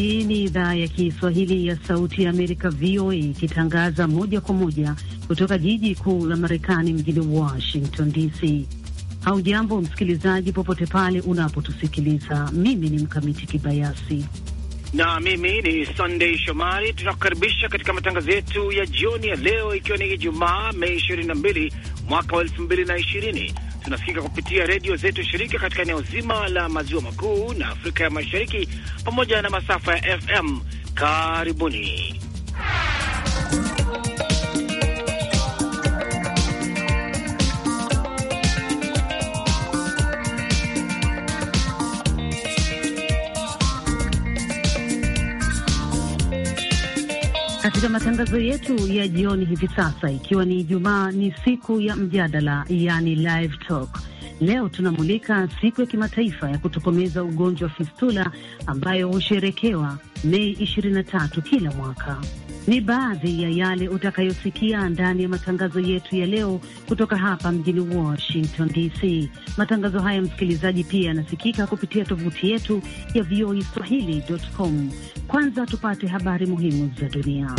Hii ni idhaa ya Kiswahili ya Sauti ya Amerika, VOA, ikitangaza moja kwa moja kutoka jiji kuu la Marekani, mjini Washington DC. Haujambo msikilizaji, popote pale unapotusikiliza. Mimi ni Mkamiti Kibayasi na mimi ni Sunday Shomari. Tunakukaribisha katika matangazo yetu ya jioni ya leo, ikiwa ni Ijumaa Mei 22 mwaka wa 220 tunasikika kupitia redio zetu shirika katika eneo zima la maziwa makuu na Afrika ya Mashariki pamoja na masafa ya FM. Karibuni. Katika matangazo yetu ya jioni hivi sasa, ikiwa ni Ijumaa, ni siku ya mjadala, yani live talk. Leo tunamulika siku ya kimataifa ya kutokomeza ugonjwa wa fistula ambayo husherekewa Mei 23 kila mwaka. Ni baadhi ya yale utakayosikia ndani ya matangazo yetu ya leo kutoka hapa mjini Washington DC. Matangazo haya, msikilizaji, pia yanasikika kupitia tovuti yetu ya voaswahili.com. E Kwanza tupate habari muhimu za dunia.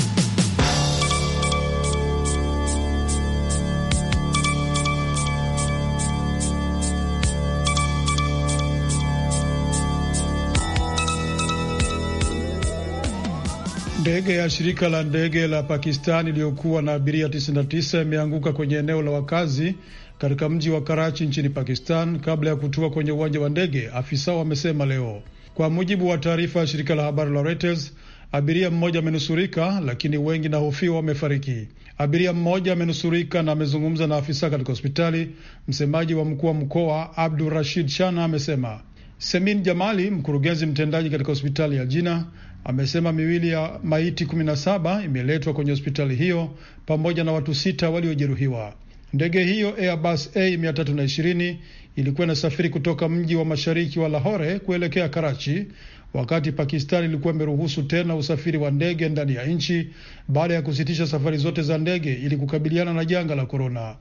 Ndege ya shirika la ndege la Pakistan iliyokuwa na abiria 99 imeanguka kwenye eneo la wakazi katika mji wa Karachi nchini Pakistan kabla ya kutua kwenye uwanja wa ndege, afisa wamesema leo, kwa mujibu wa taarifa ya shirika la habari la Reuters. Abiria mmoja amenusurika, lakini wengi na hofiwa wamefariki. Abiria mmoja amenusurika na amezungumza na afisa katika hospitali. Msemaji wa mkuu wa mkoa Abdul Rashid Shana amesema. Semin Jamali, mkurugenzi mtendaji katika hospitali ya Jina, amesema miwili ya maiti 17 imeletwa kwenye hospitali hiyo pamoja na watu sita waliojeruhiwa. Ndege hiyo Airbus A320 ilikuwa inasafiri kutoka mji wa mashariki wa Lahore kuelekea Karachi, wakati Pakistani ilikuwa imeruhusu tena usafiri wa ndege ndani ya nchi baada ya kusitisha safari zote za ndege ili kukabiliana na janga la korona.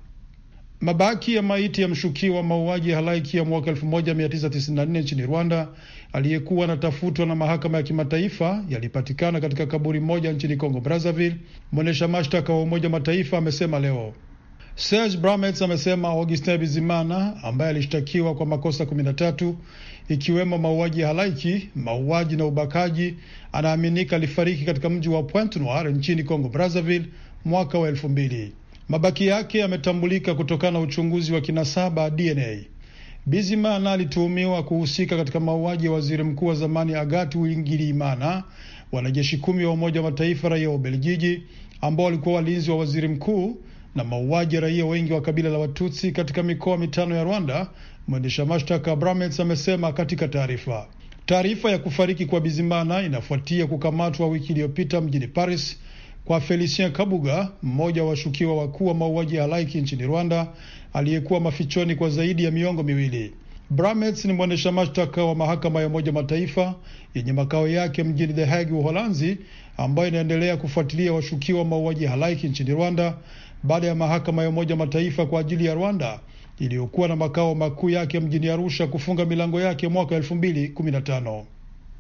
Mabaki ya maiti ya mshukiwa mauaji ya halaiki ya mwaka 1994 nchini Rwanda aliyekuwa anatafutwa na mahakama ya kimataifa yalipatikana katika kaburi moja nchini Kongo Brazzaville, mwendesha mashtaka wa Umoja Mataifa amesema leo. Serge Bramets amesema Augustin Bizimana ambaye alishtakiwa kwa makosa 13 ikiwemo mauaji ya halaiki, mauaji na ubakaji, anaaminika alifariki katika mji wa Pointe Noire nchini Kongo Brazzaville mwaka wa elfu mbili. Mabaki yake yametambulika kutokana na uchunguzi wa kinasaba DNA. Bizimana alituhumiwa kuhusika katika mauaji ya waziri mkuu wa zamani Agathe Uwilingiyimana, wanajeshi kumi wa Umoja wa Mataifa raia wa Ubelgiji ambao walikuwa walinzi wa waziri mkuu na mauaji ya raia wengi wa kabila la Watutsi katika mikoa mitano ya Rwanda. Mwendesha mashtaka Bramets amesema katika taarifa. Taarifa ya kufariki kwa Bizimana inafuatia kukamatwa wiki iliyopita mjini Paris kwa Felicien Kabuga, mmoja wa washukiwa wakuu wa mauaji ya halaiki nchini Rwanda aliyekuwa mafichoni kwa zaidi ya miongo miwili. Bramets ni mwendesha mashtaka wa mahakama ya Umoja Mataifa yenye makao yake mjini The Hague, Uholanzi, ambayo inaendelea kufuatilia washukiwa wa mauaji halaiki nchini Rwanda baada ya mahakama ya Umoja Mataifa kwa ajili ya Rwanda iliyokuwa na makao makuu yake mjini Arusha kufunga milango yake mwaka elfu mbili kumi na tano.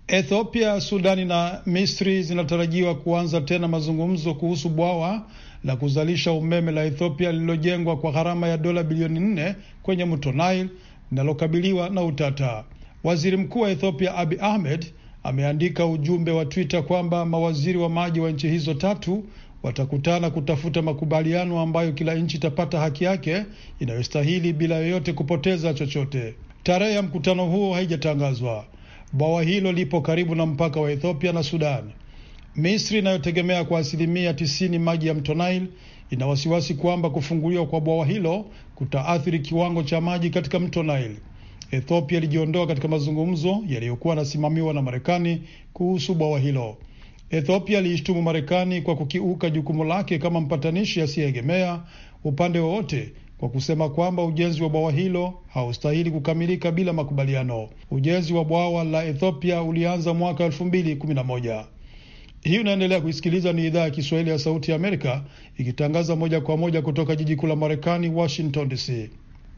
Ethiopia, Sudani na Misri zinatarajiwa kuanza tena mazungumzo kuhusu bwawa la kuzalisha umeme la Ethiopia lililojengwa kwa gharama ya dola bilioni nne kwenye mto Nile linalokabiliwa na utata. Waziri Mkuu wa Ethiopia Abi Ahmed ameandika ujumbe wa Twitter kwamba mawaziri wa maji wa nchi hizo tatu watakutana kutafuta makubaliano ambayo kila nchi itapata haki yake inayostahili bila yoyote kupoteza chochote. Tarehe ya mkutano huo haijatangazwa. Bwawa hilo lipo karibu na mpaka wa Ethiopia na Sudan. Misri inayotegemea kwa asilimia tisini maji ya mto Nile ina wasiwasi kwamba kufunguliwa kwa bwawa hilo kutaathiri kiwango cha maji katika mto Nile. Ethiopia ilijiondoa katika mazungumzo yaliyokuwa yanasimamiwa na Marekani kuhusu bwawa hilo. Ethiopia iliishtumu Marekani kwa kukiuka jukumu lake kama mpatanishi asiyeegemea upande wowote kwa kusema kwamba ujenzi wa bwawa hilo haustahili kukamilika bila makubaliano. Ujenzi wa bwawa la Ethiopia ulianza mwaka elfu mbili kumi na moja. Hii unaendelea kuisikiliza, ni idhaa ya Kiswahili ya Sauti ya Amerika ikitangaza moja kwa moja kutoka jiji kuu la Marekani, Washington DC.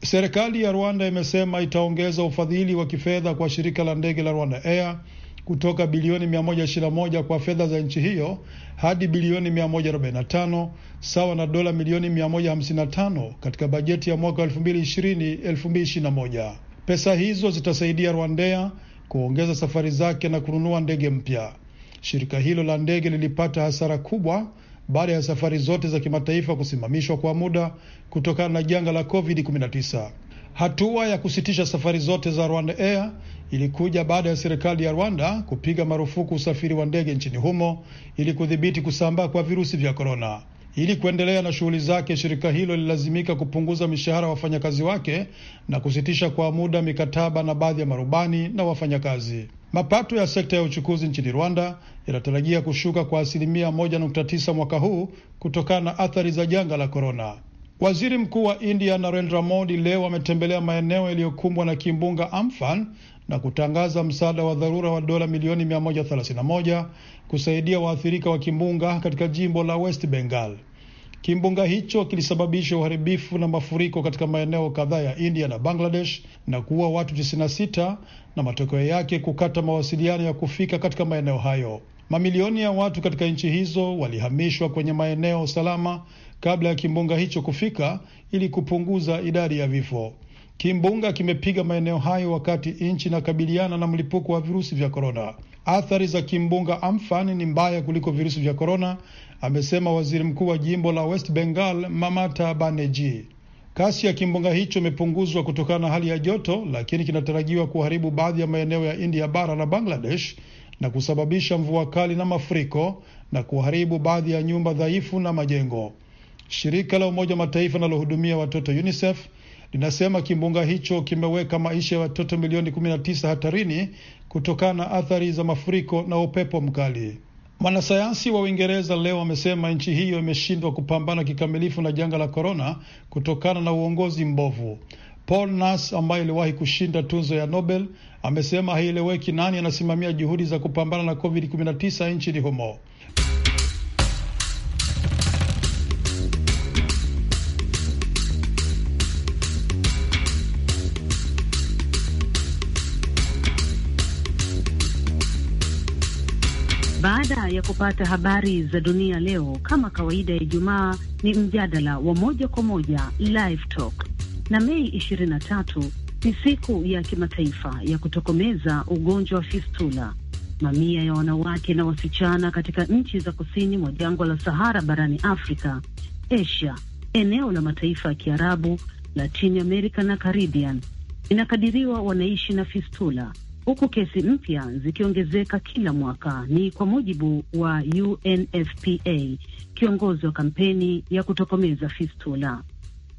Serikali ya Rwanda imesema itaongeza ufadhili wa kifedha kwa shirika la ndege la Rwanda Air kutoka bilioni 121 kwa fedha za nchi hiyo hadi bilioni 145 sawa na dola milioni 155 katika bajeti ya mwaka 2020-2021. Pesa hizo zitasaidia Rwandea kuongeza safari zake na kununua ndege mpya. Shirika hilo la ndege lilipata hasara kubwa baada ya safari zote za kimataifa kusimamishwa kwa muda kutokana na janga la COVID-19. Hatua ya kusitisha safari zote za Rwanda Air ilikuja baada ya serikali ya Rwanda kupiga marufuku usafiri wa ndege nchini humo ili kudhibiti kusambaa kwa virusi vya korona. Ili kuendelea na shughuli zake, shirika hilo lilazimika kupunguza mishahara wafanyakazi wake na kusitisha kwa muda mikataba na baadhi ya marubani na wafanyakazi. Mapato ya sekta ya uchukuzi nchini Rwanda yanatarajia kushuka kwa asilimia 1.9 mwaka huu kutokana na athari za janga la korona. Waziri mkuu wa India Narendra Modi leo ametembelea maeneo yaliyokumbwa na kimbunga Amphan na kutangaza msaada wa dharura wa dola milioni 131 kusaidia waathirika wa kimbunga katika jimbo la West Bengal. Kimbunga hicho kilisababisha uharibifu na mafuriko katika maeneo kadhaa ya India na Bangladesh na kuua watu 96 na matokeo yake kukata mawasiliano ya kufika katika maeneo hayo. Mamilioni ya watu katika nchi hizo walihamishwa kwenye maeneo salama kabla ya kimbunga hicho kufika ili kupunguza idadi ya vifo. Kimbunga kimepiga maeneo hayo wakati nchi inakabiliana na mlipuko wa virusi vya korona. Athari za kimbunga Amfan ni mbaya kuliko virusi vya korona, amesema waziri mkuu wa jimbo la West Bengal Mamata Baneji. Kasi ya kimbunga hicho imepunguzwa kutokana na hali ya joto, lakini kinatarajiwa kuharibu baadhi ya maeneo ya India bara na Bangladesh na kusababisha mvua kali na mafuriko na kuharibu baadhi ya nyumba dhaifu na majengo. Shirika la Umoja wa Mataifa linalohudumia watoto UNICEF linasema kimbunga hicho kimeweka maisha ya watoto milioni 19 hatarini kutokana na athari za mafuriko na upepo mkali. Mwanasayansi wa Uingereza leo amesema nchi hiyo imeshindwa kupambana kikamilifu na janga la korona kutokana na uongozi mbovu. Paul Nas ambaye iliwahi kushinda tunzo ya Nobel amesema haieleweki nani anasimamia juhudi za kupambana na COVID-19 nchini humo. Baada ya kupata habari za dunia leo, kama kawaida ya Ijumaa, ni mjadala wa moja kwa moja live talk, na Mei 23 ni siku ya kimataifa ya kutokomeza ugonjwa wa fistula. Mamia ya wanawake na wasichana katika nchi za kusini mwa jangwa la Sahara barani Afrika, Asia, eneo la mataifa ya Kiarabu, latini America na Caribbean inakadiriwa wanaishi na fistula huku kesi mpya zikiongezeka kila mwaka. Ni kwa mujibu wa UNFPA, kiongozi wa kampeni ya kutokomeza fistula.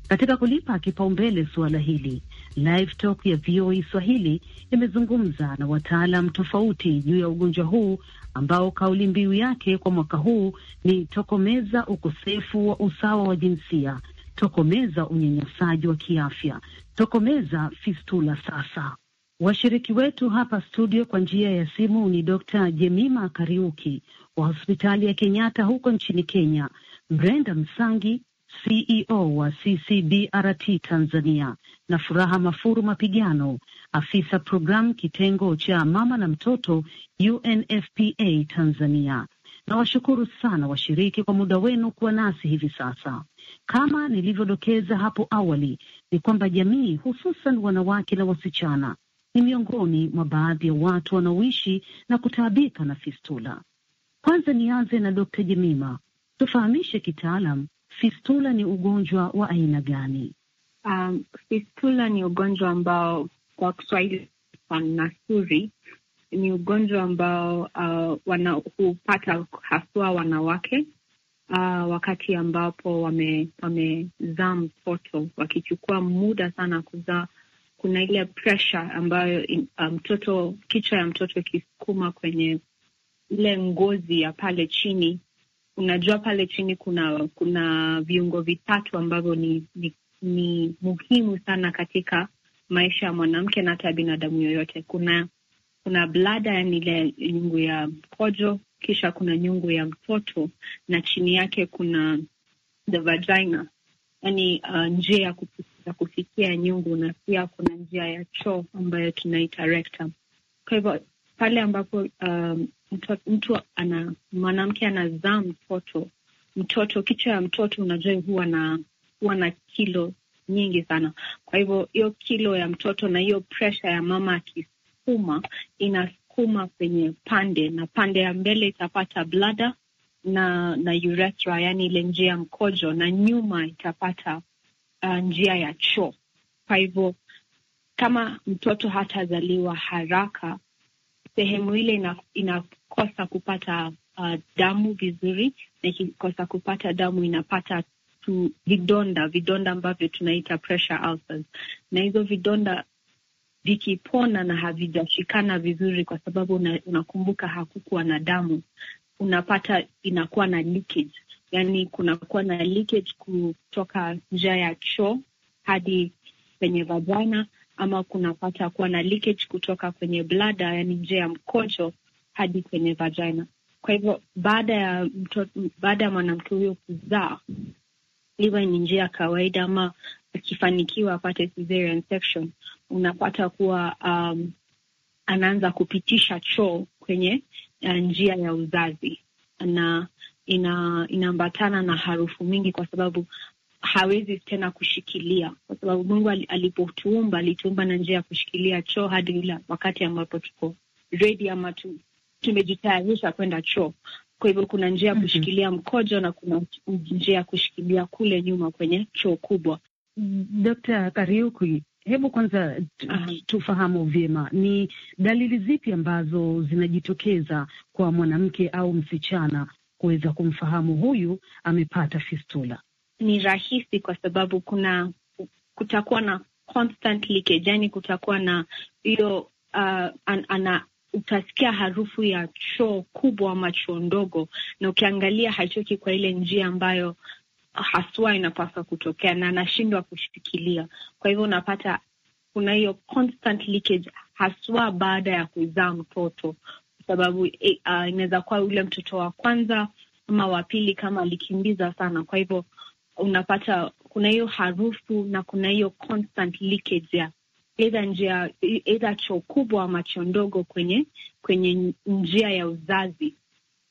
Katika kulipa kipaumbele suala hili, Live Talk ya VOA e Swahili imezungumza na wataalam tofauti juu ya ugonjwa huu ambao kauli mbiu yake kwa mwaka huu ni tokomeza ukosefu wa usawa wa jinsia, tokomeza unyanyasaji wa kiafya, tokomeza fistula sasa. Washiriki wetu hapa studio kwa njia ya simu ni Dr. Jemima Kariuki wa hospitali ya Kenyatta huko nchini Kenya, Brenda Msangi CEO wa CCBRT Tanzania na Furaha Mafuru Mapigano, afisa programu kitengo cha mama na mtoto UNFPA Tanzania. Nawashukuru sana washiriki kwa muda wenu kuwa nasi hivi sasa. Kama nilivyodokeza hapo awali, ni kwamba jamii hususan wanawake na wasichana ni miongoni mwa baadhi ya watu wanaoishi na kutaabika na fistula. Kwanza nianze na Dkt. Jemima, tufahamishe kitaalam fistula ni ugonjwa wa aina gani? Um, fistula ni ugonjwa ambao kwa Kiswahili nasuri ni ugonjwa ambao uh, wana, hupata haswa wanawake uh, wakati ambapo wamezaa wame mtoto, wakichukua muda sana kuzaa kuna ile pressure ambayo um, mtoto um, kichwa ya mtoto ikisukuma kwenye ile ngozi ya pale chini. Unajua pale chini kuna kuna viungo vitatu ambavyo ni, ni, ni muhimu sana katika maisha ya mwanamke na hata ya binadamu yoyote. Kuna kuna blada, yani ile nyungu ya mkojo, kisha kuna nyungu ya mtoto na chini yake kuna the vagina, yani uh, njia ya kupus za kufikia nyungu, na pia kuna njia ya choo ambayo tunaita rectum. Kwa hivyo pale ambapo um, mtu, ana mwanamke anazaa mtoto mtoto, kichwa ya mtoto unajua huwa na huwa na kilo nyingi sana. Kwa hivyo hiyo kilo ya mtoto na hiyo presha ya mama akisukuma, inasukuma kwenye pande, na pande ya mbele itapata blada na na urethra, yaani ile njia ya mkojo, na nyuma itapata uh, njia ya choo. Kwa hivyo kama mtoto hatazaliwa haraka, sehemu ile ina, inakosa kupata uh, damu vizuri, na ikikosa kupata damu inapata tu vidonda, vidonda ambavyo tunaita pressure ulcers, na hizo vidonda vikipona na havijashikana vizuri, kwa sababu una, unakumbuka hakukuwa na damu, unapata inakuwa na leakage yani kunakuwa na leakage kutoka njia ya choo hadi kwenye vagina, ama kunapata kuwa na leakage kutoka kwenye blada, yani njia ya mkojo hadi kwenye vagina. Kwa hivyo baada ya baada ya mwanamke huyo kuzaa, iwe ni njia ya kawaida ama akifanikiwa apate cesarean section, unapata kuwa um, anaanza kupitisha choo kwenye uh, njia ya uzazi na ina inaambatana na harufu mingi, kwa sababu hawezi tena kushikilia, kwa sababu Mungu alipotuumba alituumba na njia ya kushikilia choo hadi ila wakati ambapo tuko redi ama tu, tumejitayarisha kwenda choo. Kwa hivyo kuna njia ya mm -hmm. kushikilia mkojo na kuna njia ya kushikilia kule nyuma kwenye choo kubwa. d Kariuki, hebu kwanza tufahamu vyema ni dalili zipi ambazo zinajitokeza kwa mwanamke au msichana kuweza kumfahamu huyu amepata fistula? Ni rahisi kwa sababu kuna kutakuwa na constant leakage, yani kutakuwa na hiyo uh, an, ana utasikia harufu ya choo kubwa ama choo ndogo, na ukiangalia hachoki kwa ile njia ambayo haswa inapaswa kutokea, na anashindwa kushikilia. Kwa hivyo unapata kuna hiyo constant leakage haswa baada ya kuzaa mtoto sababu uh, inaweza kuwa yule mtoto wa kwanza ama wa pili kama alikimbiza sana, kwa hivyo unapata kuna hiyo harufu na kuna hiyo constant leakage ya eidha njia eidha choo kubwa ama choo ndogo kwenye kwenye njia ya uzazi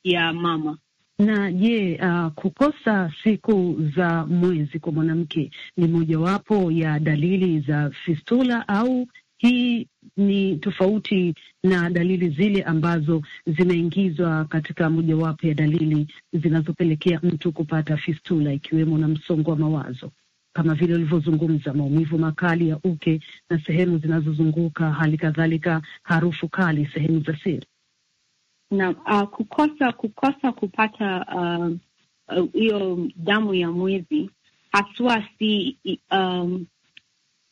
ya mama. Na je, uh, kukosa siku za mwezi kwa mwanamke ni mojawapo ya dalili za fistula au hii ni tofauti na dalili zile ambazo zimeingizwa katika mojawapo ya dalili zinazopelekea mtu kupata fistula, ikiwemo na msongo wa mawazo kama vile ulivyozungumza, maumivu makali ya uke na sehemu zinazozunguka, hali kadhalika harufu kali sehemu za siri na uh, ah, kukosa kukosa kupata ah, ah, hiyo uh, uh, damu ya mwezi haswa si um,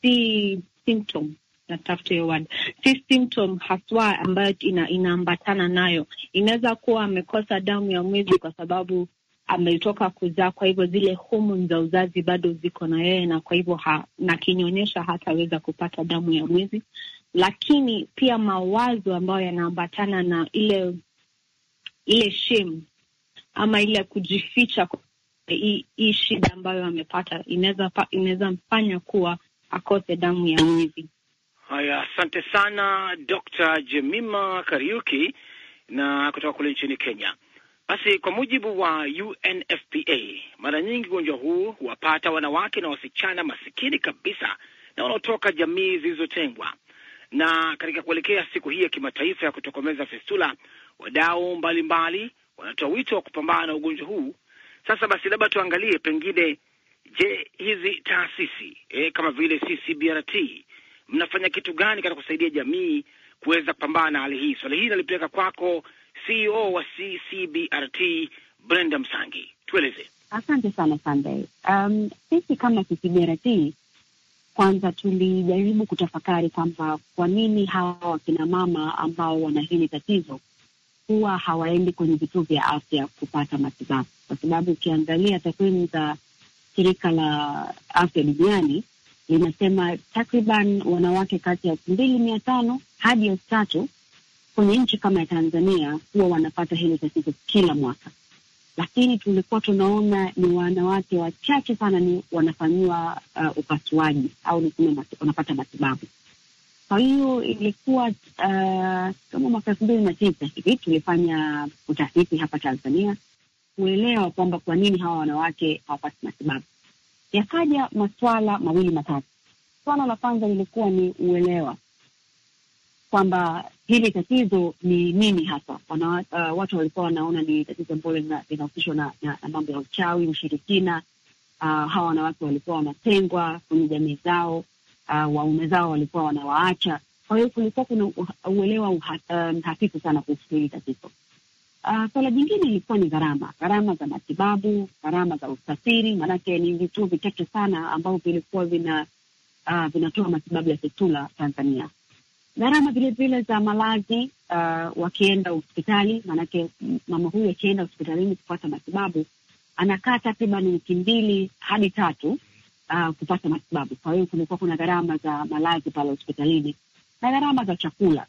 si symptom natafuta hiyo word si symptom haswa ambayo ina, inaambatana nayo. Inaweza kuwa amekosa damu ya mwezi kwa sababu ametoka kuzaa, kwa hivyo zile homoni za uzazi bado ziko na yeye, na kwa hivyo ha, na kinyonyesha hataweza kupata damu ya mwezi. Lakini pia mawazo ambayo yanaambatana na ile ile shame ama ile kujificha hii shida ambayo amepata inaweza mfanya kuwa akose damu ya mwezi. Haya, asante sana Dr. Jemima Kariuki na kutoka kule nchini Kenya. Basi kwa mujibu wa UNFPA, mara nyingi ugonjwa huu huwapata wanawake na wasichana masikini kabisa na wanaotoka jamii zilizotengwa. Na katika kuelekea siku hii ya kimataifa ya kutokomeza fistula, wadau mbalimbali wanatoa wito wa kupambana na ugonjwa huu. Sasa basi, labda tuangalie pengine, je, hizi taasisi e, kama vile CCBRT mnafanya kitu gani katika kusaidia jamii kuweza kupambana na hali hii? Swali hili nalipeleka kwako CEO wa CCBRT Brenda Msangi, tueleze. Asante sana Sandey. Um, sisi kama CCBRT kwanza tulijaribu kutafakari kwamba kwa nini hawa wakinamama ambao wana hili tatizo huwa hawaendi kwenye vituo vya afya kupata matibabu, kwa sababu ukiangalia takwimu za shirika la afya duniani linasema takriban wanawake kati ya elfu mbili mia tano hadi elfu tatu kwenye nchi kama ya Tanzania huwa wanapata hili tatizo kila mwaka, lakini tulikuwa tunaona ni wanawake wachache sana ni wanafanyiwa uh, upasuaji au niseme wanapata matibabu. Kwa hiyo ilikuwa uh, kama mwaka elfu mbili na tisa hivi tulifanya utafiti hapa Tanzania kuelewa kwamba kwa nini hawa wanawake hawapati matibabu yakaja maswala mawili matatu. Swala la kwanza lilikuwa ni uelewa kwamba hili tatizo ni nini hasa. Wana, uh, watu walikuwa wanaona ni tatizo ambalo linahusishwa na, na, na mambo ya uchawi, ushirikina. Uh, hawa wanawake walikuwa wanatengwa kwenye jamii zao, uh, waume zao walikuwa wanawaacha. Kwa hiyo kulikuwa kuna uelewa uh, hafifu sana kuhusu hili tatizo. Uh, ah, swala jingine ilikuwa ni gharama, gharama za matibabu, gharama za usafiri, maanake ni vituo vichache sana ambavyo vilikuwa vina uh, vinatoa matibabu ya fistula Tanzania. Gharama vilevile za malazi uh, wakienda hospitali, maanake mama huyu akienda hospitalini kupata matibabu anakaa takriban wiki mbili hadi tatu uh, kupata matibabu. Kwa hiyo kumekuwa kuna gharama za malazi pale hospitalini na gharama za chakula.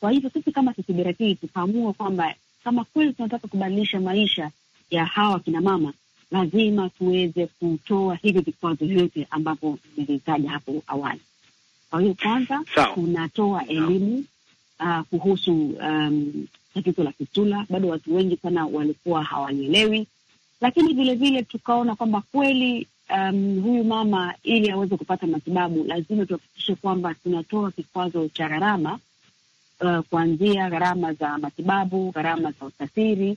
Kwa hivyo sisi kama Sisibirati tukaamua kwamba kama kweli tunataka kubadilisha maisha ya hawa kina mama, lazima tuweze kutoa hivi vikwazo vyote ambavyo nilitaja hapo awali. Kwa hiyo kwanza, tunatoa elimu uh, kuhusu um, tatizo la fistula. Bado watu wengi sana walikuwa hawalielewi, lakini vilevile tukaona kwamba kweli um, huyu mama ili aweze kupata matibabu lazima tuhakikishe kwamba tunatoa kikwazo cha gharama uh, kuanzia gharama za matibabu, gharama za usafiri,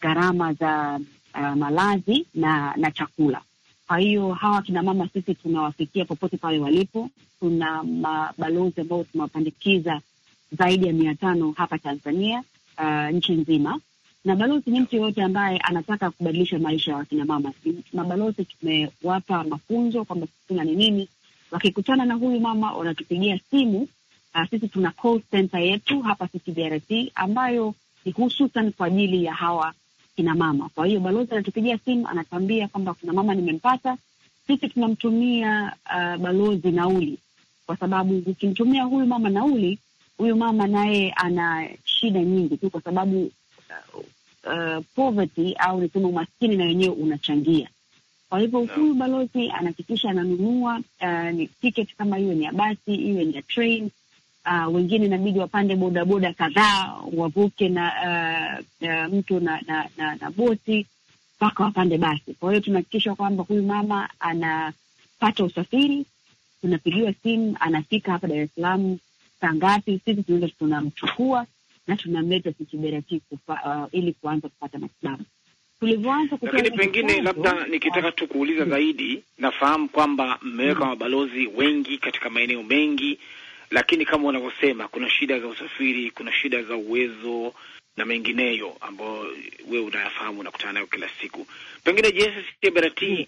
gharama za uh, malazi na na chakula. Kwa hiyo hawa kina mama sisi tunawafikia popote pale walipo. Tuna mabalozi ambao tumewapandikiza zaidi ya mia tano hapa Tanzania, uh, nchi nzima na balozi ni mtu yoyote ambaye anataka kubadilisha maisha ya wakinamama. Mabalozi tumewapa mafunzo kwamba sisina ni nini, wakikutana na huyu mama wanatupigia simu Uh, sisi tuna call center yetu hapa CCBRT ambayo ni hususan kwa ajili ya hawa kina mama. Kwa hiyo balozi anatupigia simu, anatuambia kwamba kuna mama nimempata. Sisi tunamtumia uh, balozi nauli, kwa sababu ukimtumia huyu mama nauli, huyu mama naye ana shida nyingi tu, kwa sababu uh, uh, poverty au nisema umaskini na wenyewe unachangia. Kwa hivyo huyu balozi anahakikisha ananunua uh, tiketi kama iwe ni ya basi iwe ni ya train uh, wengine inabidi wapande bodaboda kadhaa wavuke na uh, uh, mtu na, na, na, na boti mpaka wapande basi. Kwa hiyo tunahakikisha kwamba huyu mama anapata usafiri, tunapigiwa simu, anafika hapa Dar es Salaam saa ngapi, sisi tunaenda tunamchukua na tunamleta Sichiberati uh, ili kuanza kupata matibabu. Lakini pengine labda nikitaka tu kuuliza hmm. zaidi, nafahamu kwamba mmeweka hmm. mabalozi wengi katika maeneo mengi lakini kama unavyosema, kuna shida za usafiri, kuna shida za uwezo na mengineyo ambayo wewe unayafahamu, unakutana nayo kila siku. Pengine JSCBRT hmm.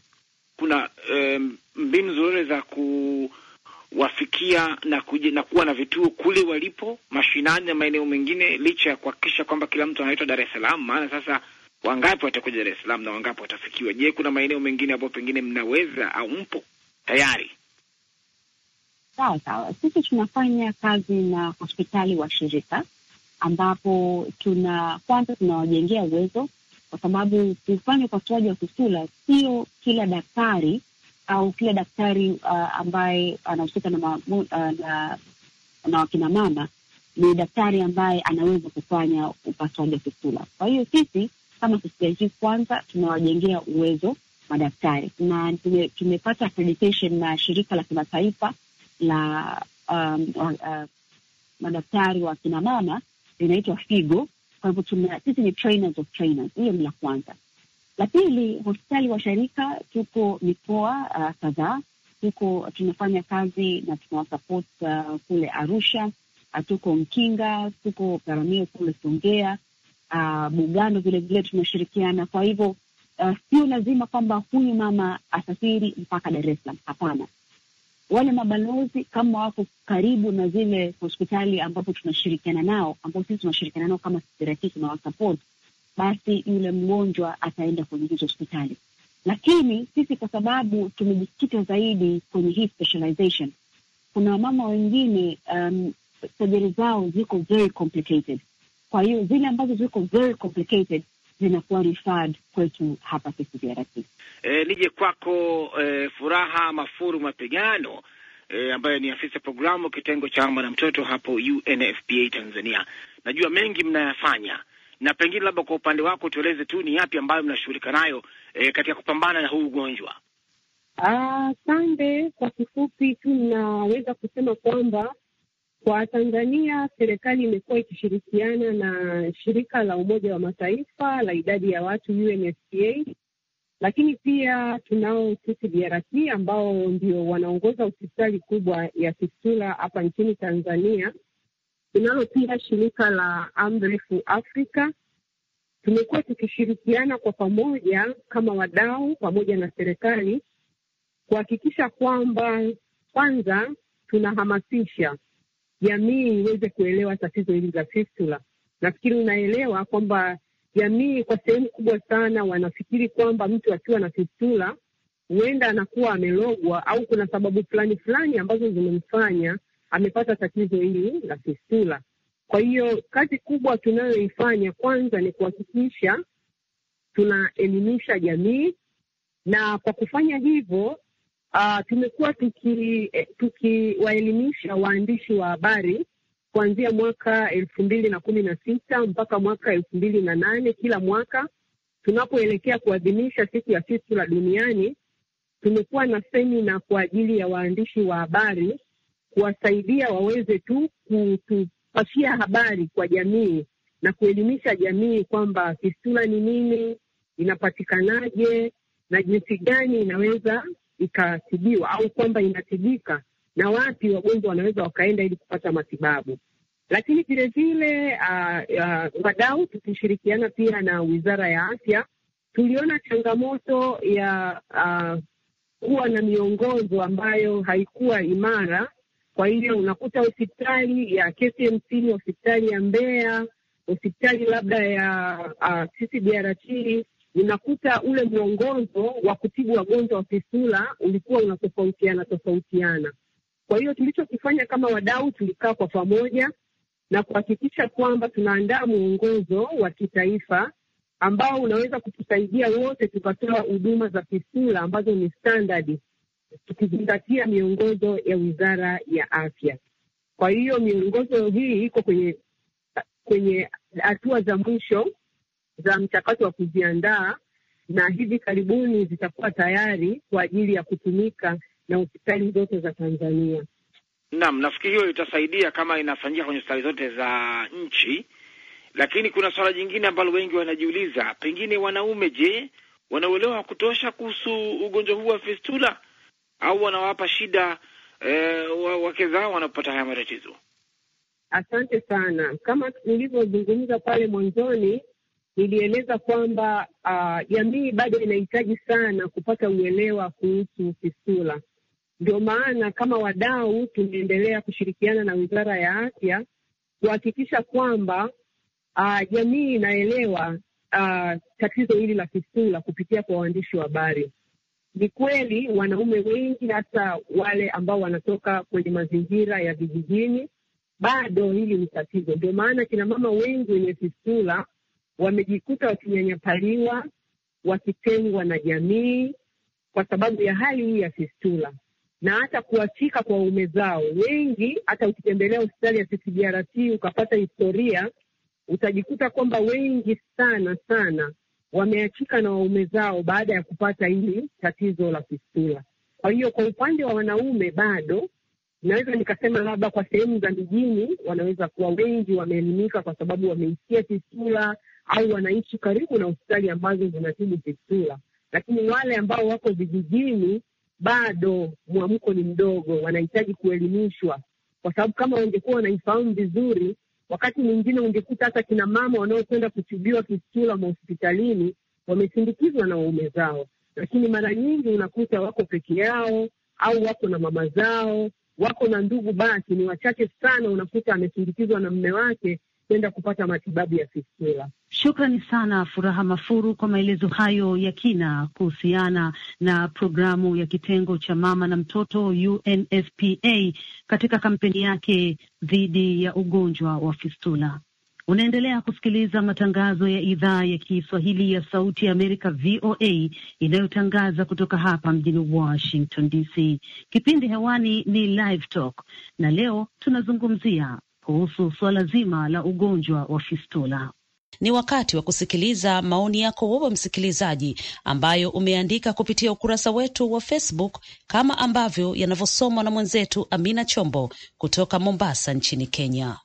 kuna um, mbinu nzuri za kuwafikia na, kuji, na kuwa na vituo kule walipo mashinani na maeneo mengine, licha ya kuhakikisha kwamba kila mtu anaitwa Dar es Salaam, maana sasa wangapi watakuja Dar es Salaam na wangapi watafikiwa? Je, kuna maeneo mengine ambayo pengine mnaweza au mpo tayari Sawa sawa, sisi tunafanya kazi na hospitali wa shirika ambapo tuna kwanza tunawajengea uwezo, kwa sababu kufanya upasuaji wa kusula sio kila daktari au kila daktari uh, ambaye anahusika na, uh, na, na wakinamama ni daktari ambaye anaweza kufanya upasuaji wa kusula Kwa hiyo sisi kama CCIG kwanza tunawajengea uwezo madaktari na tumepata accreditation na shirika la kimataifa la um, uh, madaktari wa kina mama linaitwa Figo. Kwa hivyo sisi ni trainers of trainers. Hiyo ni la kwanza. La pili, hospitali wa sharika tuko mikoa uh, kadhaa tuko tunafanya kazi na tunawasapot uh, kule Arusha uh, tuko Mkinga, tuko Karamio kule Songea, uh, Bugando vilevile tunashirikiana. Kwa hivyo uh, sio lazima kwamba huyu mama asafiri mpaka Dar es Salaam, hapana wale mabalozi kama wako karibu na zile hospitali ambapo tunashirikiana nao, ambao sisi tunashirikiana nao kama therapist na wasapoti, basi yule mgonjwa ataenda kwenye hizo hospitali. Lakini sisi kwa sababu tumejikita zaidi kwenye hii specialization, kuna wamama wengine um, sajeri zao ziko very complicated. Kwa hiyo zile ambazo ziko very complicated zinakuwa referred kwetu hapa KCCRC. E, nije kwako e, Furaha Mafuru Mapigano e, ambayo ni afisa programu kitengo cha mama na mtoto hapo UNFPA Tanzania. Najua mengi mnayafanya na pengine labda kwa upande wako tueleze tu ni yapi ambayo mnashughulika nayo e, katika kupambana na huu ugonjwa. Asante. Kwa kifupi tu naweza kusema kwamba kwa Tanzania, serikali imekuwa ikishirikiana na shirika la Umoja wa Mataifa la idadi ya watu UNFPA, lakini pia tunao sisi DRC ambao ndio wanaongoza hospitali kubwa ya fistula hapa nchini Tanzania. Tunalo pia shirika la Amref Africa. Tumekuwa tukishirikiana kwa pamoja kama wadau pamoja na serikali kuhakikisha kwamba kwanza tunahamasisha jamii iweze kuelewa tatizo hili la fistula. Nafikiri unaelewa kwamba jamii kwa sehemu kubwa sana wanafikiri kwamba mtu akiwa na fistula huenda anakuwa amelogwa au kuna sababu fulani fulani ambazo zimemfanya amepata tatizo hili la fistula. Kwa hiyo kazi kubwa tunayoifanya kwanza ni kuhakikisha tunaelimisha jamii, na kwa kufanya hivyo Uh, tumekuwa eh, tukiwaelimisha tuki waandishi wa habari kuanzia mwaka elfu mbili na kumi na sita mpaka mwaka elfu mbili na nane Kila mwaka tunapoelekea kuadhimisha siku ya fistula duniani, tumekuwa na semina kwa ajili ya waandishi wa habari kuwasaidia waweze tu kutupashia habari kwa jamii na kuelimisha jamii kwamba fistula ni nini, inapatikanaje na jinsi gani inaweza ikatibiwa au kwamba inatibika na wapi wagonjwa wanaweza wakaenda ili kupata matibabu. Lakini vilevile ah, ah, wadau, tukishirikiana pia na Wizara ya Afya, tuliona changamoto ya uh, kuwa na miongozo ambayo haikuwa imara. Kwa hiyo unakuta hospitali ya KCMC, hospitali ya Mbeya, hospitali labda ya uh, CCBRT unakuta ule mwongozo wa kutibu wagonjwa wa fistula ulikuwa unatofautiana tofautiana. Kwa hiyo tulichokifanya kama wadau, tulikaa kwa pamoja na kuhakikisha kwamba tunaandaa mwongozo wa kitaifa ambao unaweza kutusaidia wote tukatoa huduma za fistula ambazo ni standadi, tukizingatia miongozo ya Wizara ya Afya. Kwa hiyo miongozo hii iko kwenye kwenye hatua za mwisho za mchakato wa kuziandaa na hivi karibuni zitakuwa tayari kwa ajili ya kutumika na hospitali zote za Tanzania. Naam, nafikiri hiyo itasaidia kama inafanyika kwenye hospitali zote za nchi. Lakini kuna swala jingine ambalo wengi wanajiuliza, pengine wanaume, je, wanauelewa wa kutosha kuhusu ugonjwa huu wa fistula au wanawapa shida e, wake zao wanapopata haya matatizo? Asante sana. Kama nilivyozungumza pale mwanzoni, nilieleza kwamba ah, jamii uh, bado inahitaji sana kupata uelewa kuhusu fistula. Ndio maana kama wadau tumeendelea kushirikiana na Wizara ya Afya kuhakikisha kwamba uh, jamii inaelewa uh, tatizo hili la fistula kupitia kwa waandishi wa habari. Ni kweli wanaume wengi, hasa wale ambao wanatoka kwenye mazingira ya vijijini, bado hili ni tatizo. Ndio maana kinamama wengi wenye fistula wamejikuta wakinyanyapaliwa, wakitengwa na jamii kwa sababu ya hali hii ya fistula na hata kuachika kwa ume zao. Wengi hata ukitembelea hospitali ya CCBRT ukapata historia, utajikuta kwamba wengi sana sana wameachika na waume zao baada ya kupata hili tatizo la fistula. Kwa hiyo kwa upande wa wanaume bado naweza nikasema labda kwa sehemu za mijini wanaweza kuwa wengi wameelimika, kwa sababu wameisikia fistula, au wanaishi karibu na hospitali ambazo zinatibu fistula, lakini wale ambao wako vijijini bado mwamko ni mdogo, wanahitaji kuelimishwa, kwa sababu kama wangekuwa wanaifahamu vizuri, wakati mwingine ungekuta hata kina mama wanaokwenda kutibiwa fistula mahospitalini wamesindikizwa na waume zao, lakini mara nyingi unakuta wako peke yao au wako na mama zao, wako na ndugu, basi ni wachache sana unakuta amesindikizwa na mme wake kwenda kupata matibabu ya fistula. Shukrani sana Furaha Mafuru kwa maelezo hayo ya kina kuhusiana na programu ya kitengo cha mama na mtoto UNFPA katika kampeni yake dhidi ya ugonjwa wa fistula. Unaendelea kusikiliza matangazo ya idhaa ya Kiswahili ya Sauti ya Amerika, VOA, inayotangaza kutoka hapa mjini Washington DC. Kipindi hewani ni Live Talk, na leo tunazungumzia kuhusu suala zima la ugonjwa wa fistula. Ni wakati wa kusikiliza maoni yako wewe msikilizaji, ambayo umeandika kupitia ukurasa wetu wa Facebook, kama ambavyo yanavyosomwa na mwenzetu Amina Chombo kutoka Mombasa nchini Kenya.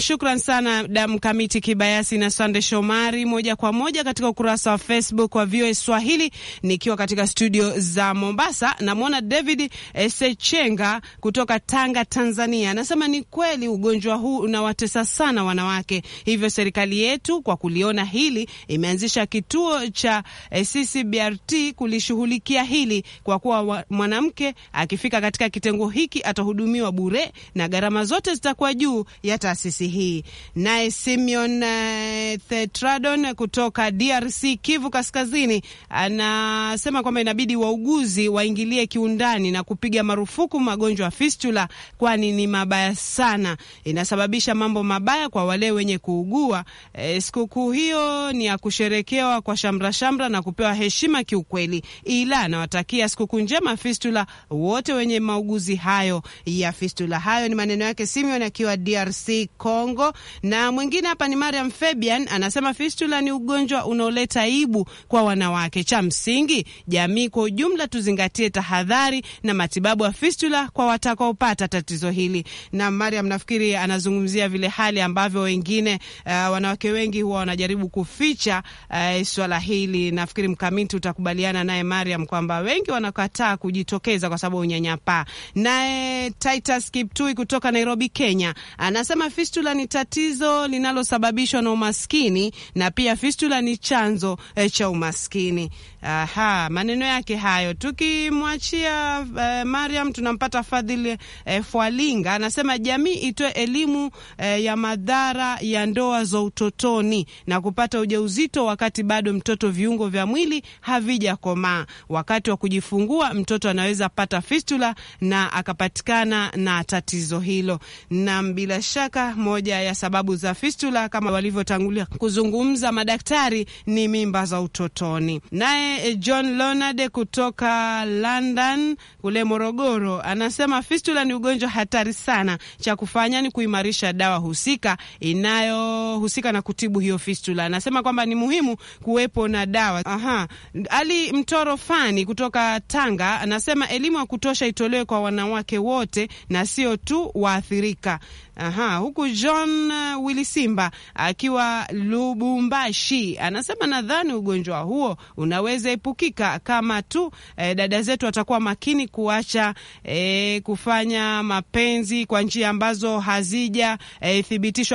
Shukran sana Dam Kamiti Kibayasi na Sande Shomari, moja kwa moja katika ukurasa wa Facebook wa VOA Swahili, nikiwa katika studio za Mombasa. Namwona David Sechenga kutoka Tanga, Tanzania, anasema ni kweli ugonjwa huu unawatesa sana wanawake, hivyo serikali yetu kwa kuliona hili imeanzisha kituo cha eh, CCBRT kulishughulikia hili, kwa kuwa mwanamke akifika katika kitengo hiki atahudumiwa bure na gharama zote zitakuwa juu ya taasisi kesi hii. Naye Simeon eh, Thetradon kutoka DRC Kivu Kaskazini anasema kwamba inabidi wauguzi waingilie kiundani na kupiga marufuku magonjwa ya fistula, kwani ni mabaya sana, inasababisha mambo mabaya kwa wale wenye kuugua. E, sikukuu hiyo ni ya kusherekewa kwa shamra shamra na kupewa heshima kiukweli, ila anawatakia sikukuu njema fistula wote wenye mauguzi hayo ya fistula. Hayo ni maneno yake Simeon akiwa DRC ko Kongo. Na mwingine hapa ni Mariam Fabian anasema fistula ni ugonjwa unaoleta aibu kwa wanawake. Cha msingi jamii kwa ujumla tuzingatie tahadhari na matibabu ya fistula kwa watakaopata tatizo hili. Na Mariam nafikiri anazungumzia vile hali ambavyo wengine uh, wanawake wengi huwa wanajaribu kuficha uh, swala hili. Nafikiri mkamiti utakubaliana naye Mariam kwamba wengi wanakataa kujitokeza kwa sababu unyanyapaa. Naye Titus Kiptui kutoka Nairobi, Kenya anasema fistula fistula ni tatizo linalosababishwa na umaskini na pia fistula ni chanzo eh, cha umaskini. Aha, maneno yake hayo. Tukimwachia eh, Mariam tunampata Fadhili eh, Fwalinga anasema jamii itoe elimu eh, ya madhara ya ndoa za utotoni na kupata ujauzito wakati bado mtoto viungo vya mwili havijakomaa. Wakati wa kujifungua mtoto anaweza pata fistula na akapatikana na tatizo hilo. Na bila shaka moja ya sababu za fistula kama walivyotangulia kuzungumza madaktari ni mimba za utotoni. Naye Eh, John Leonard kutoka London kule Morogoro anasema fistula ni ugonjwa hatari sana, cha kufanya ni kuimarisha dawa husika inayohusika na kutibu hiyo fistula. Anasema kwamba ni muhimu kuwepo na dawa. Aha. Ali Mtoro Fani kutoka Tanga anasema elimu ya kutosha itolewe kwa wanawake wote na sio tu waathirika. Aha, huku John uh, Wilisimba akiwa Lubumbashi anasema nadhani ugonjwa huo unaweza epukika kama tu eh, dada zetu watakuwa makini kuacha eh, kufanya mapenzi kwa njia ambazo hazija eh,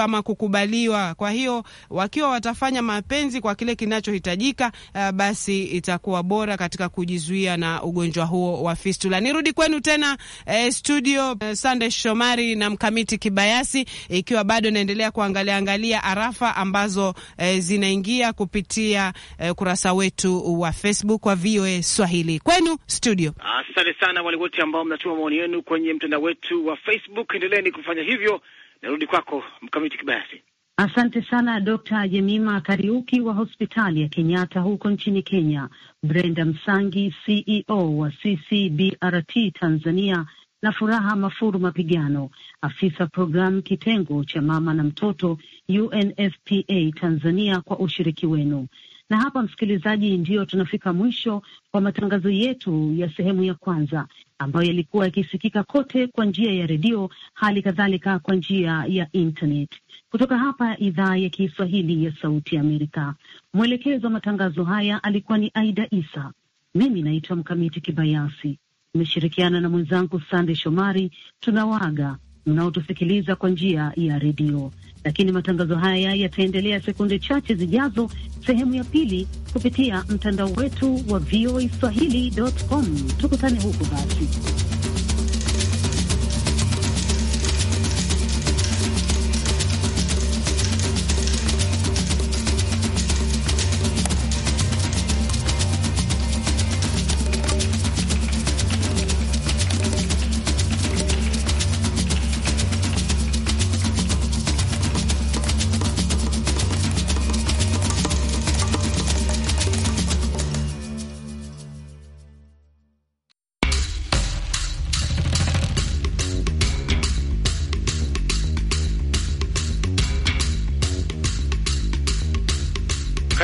ama kukubaliwa. Kwa hiyo wakiwa watafanya mapenzi kwa kile kinachohitajika, eh, basi itakuwa bora katika kujizuia na ugonjwa huo wa fistula. Nirudi kwenu tena eh, studio eh, Sande Shomari na mkamiti Kibai. Bayasi, ikiwa bado naendelea kuangalia angalia arafa ambazo e, zinaingia kupitia e, kurasa wetu wa Facebook wa VOA Swahili. Kwenu studio, asante sana wale wote ambao mnatuma maoni yenu kwenye mtandao wetu wa Facebook, endeleeni kufanya hivyo. Narudi kwako mkamiti Kibayasi. Asante sana Dr. Jemima Kariuki wa hospitali ya Kenyatta huko nchini Kenya, Brenda Msangi, CEO wa CCBRT Tanzania, na Furaha Mafuru Mapigano, afisa programu kitengo cha mama na mtoto UNFPA Tanzania, kwa ushiriki wenu. Na hapa msikilizaji, ndiyo tunafika mwisho kwa matangazo yetu ya sehemu ya kwanza ambayo yalikuwa yakisikika kote kwa njia ya redio, hali kadhalika kwa njia ya internet kutoka hapa idhaa ya Kiswahili ya Sauti ya Amerika. Mwelekezo wa matangazo haya alikuwa ni Aida Isa, mimi naitwa Mkamiti Kibayasi. Nimeshirikiana na mwenzangu Sande Shomari. Tunawaga mnaotusikiliza kwa njia ya redio, lakini matangazo haya yataendelea sekunde chache zijazo, sehemu ya pili kupitia mtandao wetu wa voa swahilicom Tukutane huko basi.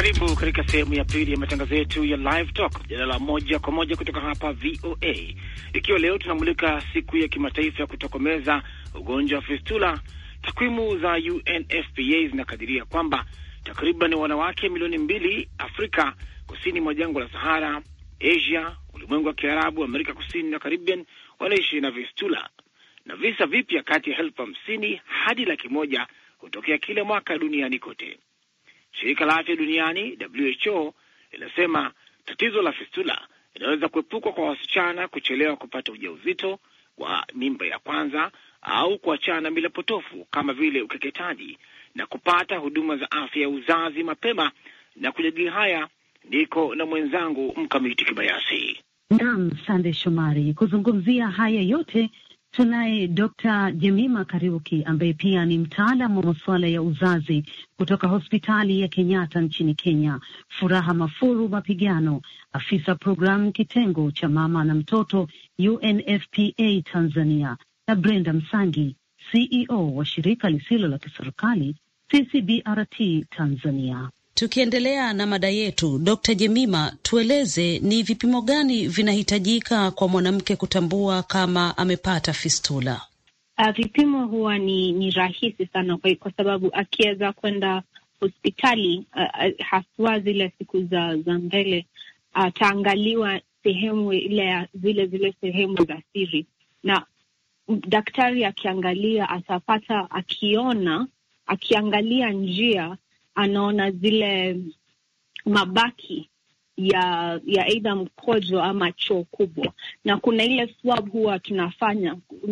Karibu katika sehemu ya pili ya matangazo yetu ya Live Talk, mjadala moja kwa moja kutoka hapa VOA, ikiwa leo tunamulika siku ya kimataifa ya kutokomeza ugonjwa wa fistula. Takwimu za UNFPA zinakadiria kwamba takriban wanawake milioni mbili Afrika kusini mwa jangwa la Sahara, Asia, ulimwengu wa Kiarabu, Amerika Kusini na Caribbean wanaishi na fistula, na visa vipya kati ya elfu hamsini hadi laki moja hutokea kila mwaka duniani kote. Shirika la afya duniani WHO linasema tatizo la fistula linaweza kuepukwa kwa wasichana kuchelewa kupata ujauzito wa mimba ya kwanza au kuachana mila potofu kama vile ukeketaji na kupata huduma za afya ya uzazi mapema. Na kujadili haya ndiko na mwenzangu Mkamiti Kibayasi. Naam, sande Shomari. Kuzungumzia haya yote Tunaye Dr. Jemima Kariuki ambaye pia ni mtaalamu wa masuala ya uzazi kutoka hospitali ya Kenyatta nchini Kenya. Furaha Mafuru Mapigano, afisa programu kitengo cha mama na mtoto UNFPA Tanzania, na Brenda Msangi, CEO wa shirika lisilo la kiserikali CCBRT Tanzania. Tukiendelea na mada yetu, Dkt. Jemima, tueleze ni vipimo gani vinahitajika kwa mwanamke kutambua kama amepata fistula? Uh, vipimo huwa ni, ni rahisi sana kwa, kwa sababu akiweza kwenda hospitali uh, haswa zile siku za, za mbele ataangaliwa uh, sehemu ile ya zile zile sehemu za siri, na daktari akiangalia atapata, akiona, akiangalia njia anaona zile mabaki ya ya aidha mkojo ama choo kubwa, na kuna ile swab huwa tunafanya uh,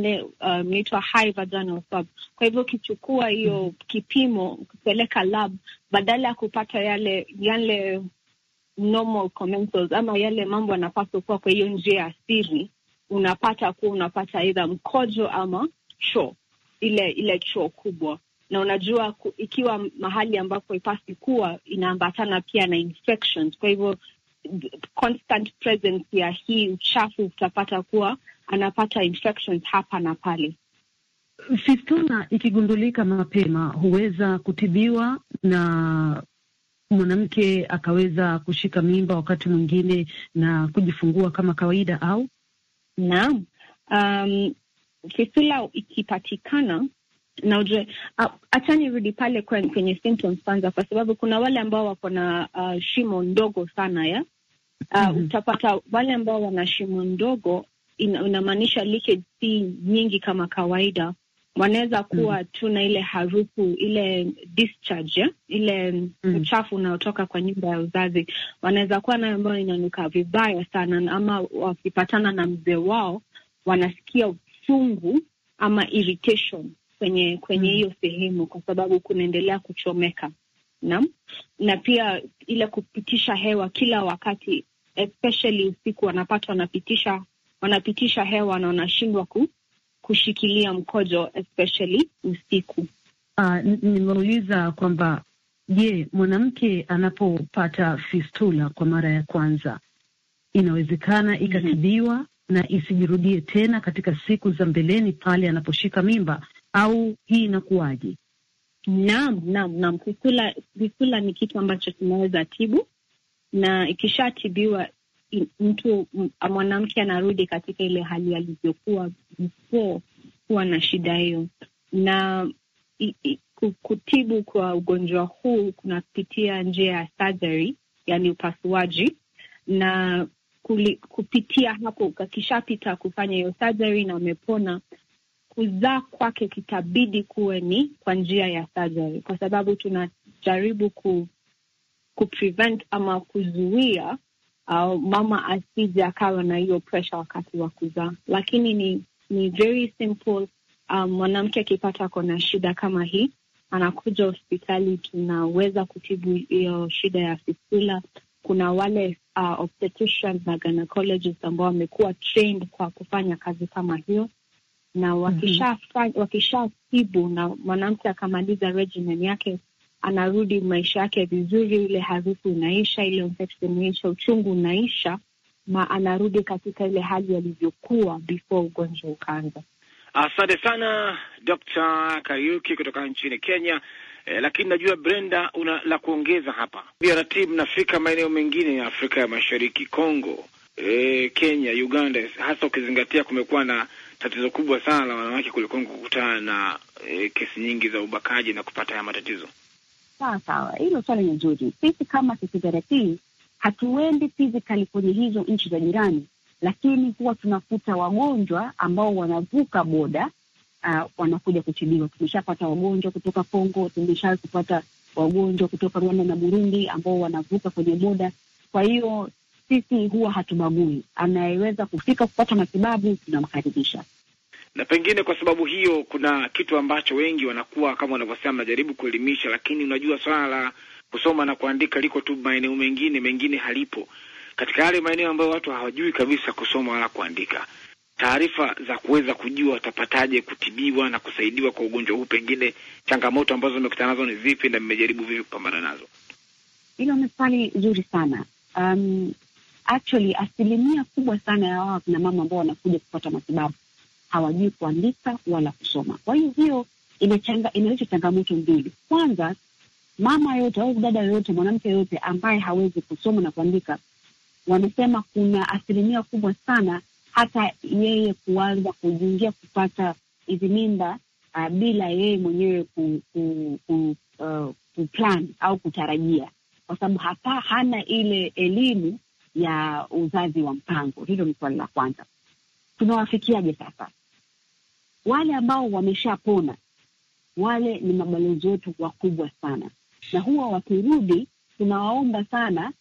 inaitwa uh, high vaginal swab. Kwa hivyo ukichukua hiyo kipimo ukipeleka lab, badala ya kupata yale yale normal commensals ama yale mambo yanapaswa kuwa kwa hiyo njia ya siri, unapata kuwa unapata aidha mkojo ama choo ile ile choo kubwa na unajua ku, ikiwa mahali ambapo ipasi kuwa inaambatana pia na infections. Kwa hivyo constant presence ya hii uchafu utapata kuwa anapata infections hapa na pale. Fistula ikigundulika mapema huweza kutibiwa na mwanamke akaweza kushika mimba wakati mwingine na kujifungua kama kawaida, au naam. Um, fistula ikipatikana na ujue ah, achani rudi pale kwenye symptoms kwanza, kwa sababu kuna wale ambao wako na uh, shimo ndogo sana ya uh, mm -hmm. Utapata wale ambao wana shimo ndogo ina, inamaanisha leakage si nyingi kama kawaida, wanaweza kuwa mm -hmm. tu na ile harufu ile discharge ya? ile mm -hmm. uchafu unaotoka kwa nyumba ya uzazi, wanaweza kuwa nayo ambayo inanuka vibaya sana, ama wakipatana na mzee wao wanasikia uchungu ama irritation kwenye kwenye mm. hiyo mm. sehemu kwa sababu kunaendelea kuchomeka na, na pia ile kupitisha hewa kila wakati especially usiku, wanapata wanapitisha wanapitisha hewa na wanashindwa ku, kushikilia mkojo especially usiku. Uh, nimeuliza kwamba je, mwanamke anapopata fistula kwa mara ya kwanza inawezekana ikatibiwa mm -hmm. na isijirudie tena katika siku za mbeleni pale anaposhika mimba au hii inakuwaje? Naam, naam, naam. Kukula, kukula ni kitu ambacho kinaweza tibu, na ikishatibiwa mtu mwanamke anarudi katika ile hali alivyokuwa before kuwa na shida hiyo. Na i, i, kutibu kwa ugonjwa huu kunapitia njia ya surgery, yani upasuaji na kuli, kupitia hapo, akishapita kufanya hiyo surgery na amepona, kuzaa kwake kitabidi kuwe ni kwa njia ya surgery, kwa sababu tunajaribu ku, ku ama kuzuia uh, mama asije akawa na hiyo pressure wakati wa kuzaa, lakini ni ni very simple. Um, mwanamke akipata ako na shida kama hii anakuja hospitali, tunaweza kutibu hiyo shida ya fistula. Kuna wale uh, obstetricians na gynecologists ambao wamekuwa trained kwa kufanya kazi kama hiyo na wakishatibu wakisha mm-hmm. na mwanamke akamaliza regimen yake, anarudi maisha yake vizuri, ile harufu inaisha, ile infection inaisha, uchungu unaisha, na anarudi katika ile hali alivyokuwa before ugonjwa ukaanza. Asante sana Dr. Kariuki kutoka nchini Kenya. Eh, lakini najua Brenda una la kuongeza hapa. DRT mnafika maeneo mengine ya Afrika ya Mashariki, Congo, eh, Kenya, Uganda, hasa ukizingatia kumekuwa na tatizo kubwa sana la wanawake kulikoni kukutana na e, kesi nyingi za ubakaji na kupata haya matatizo. Sawa sawa, hilo swali ni nzuri. Sisi kama sisitherapii hatuendi fizikali kwenye hizo nchi za jirani, lakini huwa tunakuta wagonjwa ambao wanavuka boda uh, wanakuja kutibiwa. Tumeshapata wagonjwa kutoka Kongo, tumesha kupata wagonjwa kutoka Rwanda na Burundi ambao wanavuka kwenye boda. Kwa hiyo sisi huwa hatubagui, anayeweza kufika kupata matibabu tunamkaribisha na pengine kwa sababu hiyo, kuna kitu ambacho wengi wanakuwa kama wanavyosema, najaribu kuelimisha, lakini unajua swala la kusoma na kuandika liko tu maeneo mengine, mengine halipo. Katika yale maeneo ambayo watu hawajui kabisa kusoma wala kuandika, taarifa za kuweza kujua watapataje kutibiwa na kusaidiwa kwa ugonjwa huu, pengine changamoto ambazo mmekutana nazo ni zipi na mmejaribu vipi kupambana nazo? Hilo ni swali zuri sana. Um, actually asilimia kubwa sana ya wao kina mama ambao wanakuja kupata matibabu hawajui kuandika wala kusoma. Kwa hiyo hiyo inaleta changamoto mbili. Kwanza, mama yoyote au dada yoyote, mwanamke yoyote ambaye hawezi kusoma na kuandika, wanasema kuna asilimia kubwa sana hata yeye kuanza kujiingia kupata hizi mimba uh, bila yeye mwenyewe ku, ku, ku, uh, kuplan au kutarajia, kwa sababu hapa hana ile elimu ya uzazi wa mpango. Hilo ni swali la kwanza. Tunawafikiaje sasa wale ambao wameshapona? Wale ni mabalozi wetu wakubwa sana, na huwa wakirudi tunawaomba sana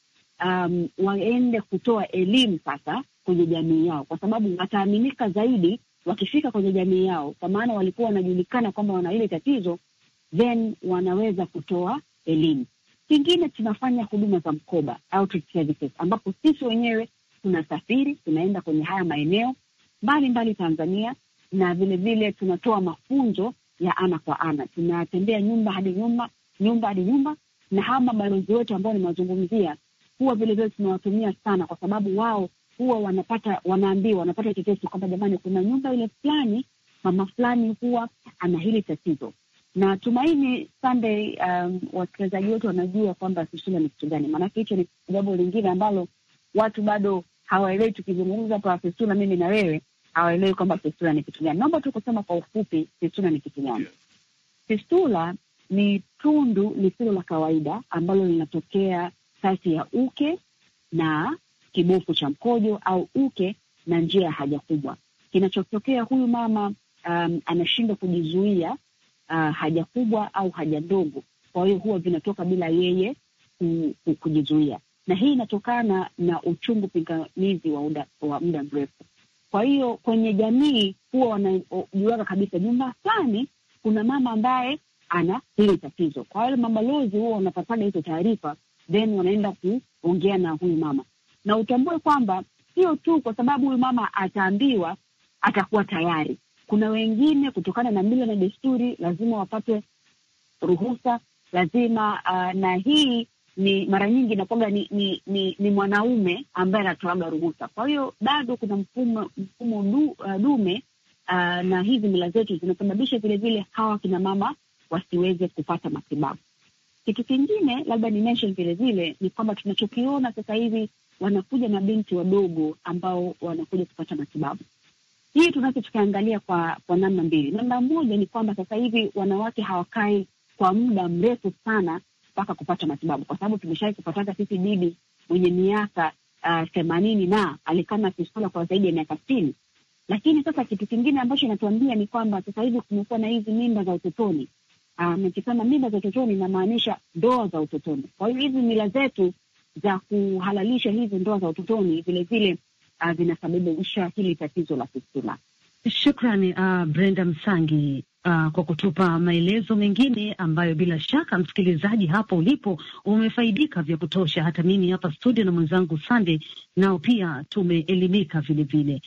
um, waende kutoa elimu sasa kwenye jamii yao, kwa sababu wataaminika zaidi wakifika kwenye jamii yao, kwa maana walikuwa wanajulikana kwamba wana ile tatizo, then wanaweza kutoa elimu. Kingine tunafanya huduma za mkoba outreach services, ambapo sisi wenyewe tunasafiri tunaenda kwenye haya maeneo mbalimbali Tanzania, na vilevile tunatoa mafunzo ya ana kwa ana, tunatembea nyumba hadi nyumba, nyumba hadi nyumba, na hama balozi wetu ambao nimewazungumzia huwa vilevile tunawatumia sana, kwa sababu wao huwa wanapata wanaambiwa, wanapata tetesi kwamba jamani, kuna nyumba ile fulani, mama fulani huwa ana hili tatizo, na tumaini Sunday, um, wasikilizaji wetu wanajua kwamba Sisila ni kitu gani, maanake hicho ni jambo lingine ambalo watu bado hawaelewi. Tukizungumza kwa fistula mimi na wewe, hawaelewi kwamba fistula ni kitu gani. Naomba tu kusema kwa ufupi fistula ni kitu gani. Fistula ni tundu lisilo la kawaida ambalo linatokea kati ya uke na kibofu cha mkojo au uke na njia ya haja kubwa. Kinachotokea, huyu mama um, anashindwa kujizuia uh, haja kubwa au haja ndogo. Kwa hiyo huwa vinatoka bila yeye kujizuia, na hii inatokana na uchungu pingamizi wa, wa muda mrefu. Kwa hiyo kwenye jamii huwa wanajuaga kabisa nyumba fulani kuna mama ambaye ana hili tatizo. Kwa wale mabalozi huwa wanapataga hizo taarifa, then wanaenda kuongea na huyu mama, na utambue kwamba sio tu kwa sababu huyu mama ataambiwa atakuwa tayari, kuna wengine kutokana na mila na desturi lazima wapate ruhusa, lazima uh, na hii ni mara nyingi inakwaga ni, ni, ni, ni mwanaume ambaye anatoaga ruhusa. Kwa hiyo bado kuna mfumo, mfumo du, uh, dume uh, na hizi mila zetu zinasababisha vilevile hawa mama wasiweze kupata matibabu. Kitu kingine labda ni mention vilevile ni kwamba tunachokiona sasa hivi wanakuja mabinti wadogo ambao wanakuja kupata matibabu hii tunacho tukiangalia kwa kwa namna mbili. Namna moja ni kwamba sasa hivi wanawake hawakai kwa muda mrefu sana mpaka kupata matibabu, kwa sababu tumeshawai kupataga sisi bibi mwenye miaka uh, themanini na alikaa na fistula kwa zaidi ya miaka sitini. Lakini sasa kitu kingine ambacho inatuambia ni kwamba sasa hivi kumekuwa na hizi mimba za utotoni. Uh, mimba za utotoni inamaanisha ndoa za utotoni. Kwa hiyo hizi mila zetu za kuhalalisha hizi ndoa za utotoni vilevile uh, vinasababisha hili tatizo la fistula. Shukrani uh, Brenda Msangi uh, kwa kutupa maelezo mengine ambayo bila shaka msikilizaji hapo ulipo umefaidika vya kutosha. Hata mimi hapa studio na mwenzangu Sande nao pia tumeelimika vilevile.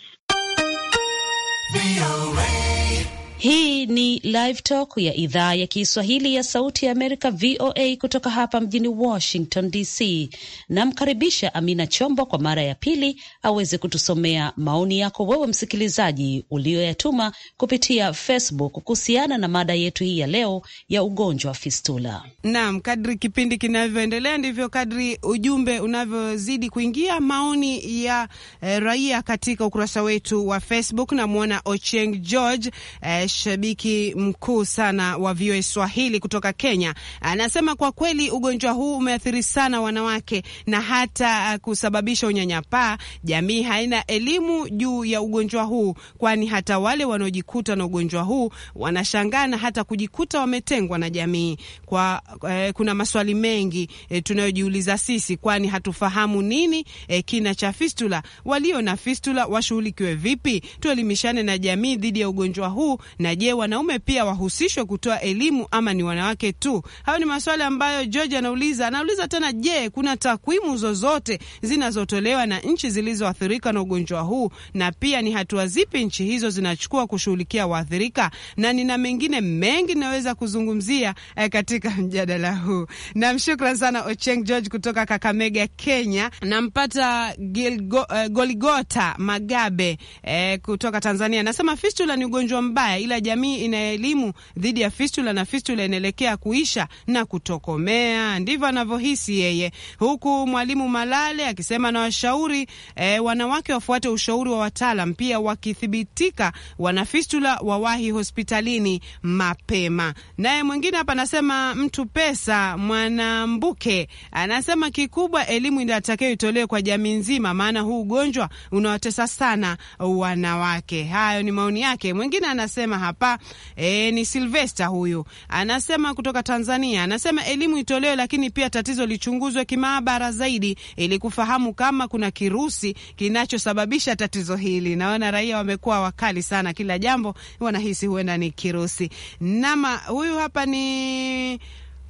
Hii ni Live Talk ya idhaa ya Kiswahili ya Sauti ya Amerika, VOA, kutoka hapa mjini Washington DC. Namkaribisha Amina Chombo kwa mara ya pili aweze kutusomea maoni yako wewe msikilizaji uliyoyatuma kupitia Facebook kuhusiana na mada yetu hii ya leo ya ugonjwa wa fistula. Naam, kadri kipindi kinavyoendelea ndivyo kadri ujumbe unavyozidi kuingia. Maoni ya eh, raia katika ukurasa wetu wa Facebook, namwona Ocheng George eh, shabiki mkuu sana wa VOA Swahili kutoka Kenya, anasema kwa kweli ugonjwa huu umeathiri sana wanawake na hata uh, kusababisha unyanyapaa. Jamii haina elimu juu ya ugonjwa huu, kwani hata wale wanaojikuta na ugonjwa huu wanashangaa na hata kujikuta wametengwa na jamii. Kwa eh, kuna maswali mengi eh, tunayojiuliza sisi, kwani hatufahamu nini eh, kina cha fistula. Walio na fistula washughulikiwe vipi? Tuelimishane na jamii dhidi ya ugonjwa huu na je, wanaume pia wahusishwe kutoa elimu ama ni wanawake tu? Hayo ni maswali ambayo George anauliza. Anauliza tena, je, kuna takwimu zozote zinazotolewa na nchi zilizoathirika na ugonjwa huu, na pia ni hatua zipi nchi hizo zinachukua kushughulikia waathirika? Na nina mengine mengi naweza kuzungumzia eh, katika mjadala huu. Namshukran sana Ocheng George kutoka Kakamega, Kenya. Nampata Gilgo, eh, Goligota Magabe eh, kutoka Tanzania, nasema fistula ni ugonjwa mbaya ila jamii ina elimu dhidi ya fistula na fistula inaelekea kuisha na kutokomea. Ndivyo anavyohisi yeye, huku mwalimu Malale akisema na washauri e, wanawake wafuate ushauri wa wataalam, pia wakithibitika wana fistula wawahi hospitalini mapema. Naye mwingine hapa anasema mtu pesa Mwanambuke anasema kikubwa elimu inatakiwa itolewe kwa jamii nzima, maana huu ugonjwa unawatesa sana wanawake. Hayo ni maoni yake. Mwingine anasema anasema hapa e, ni Silvesta huyu anasema kutoka Tanzania, anasema elimu itolewe, lakini pia tatizo lichunguzwe kimaabara zaidi ili kufahamu kama kuna kirusi kinachosababisha tatizo hili. Naona raia wamekuwa wakali sana, kila jambo wanahisi huenda ni kirusi. Nama huyu hapa ni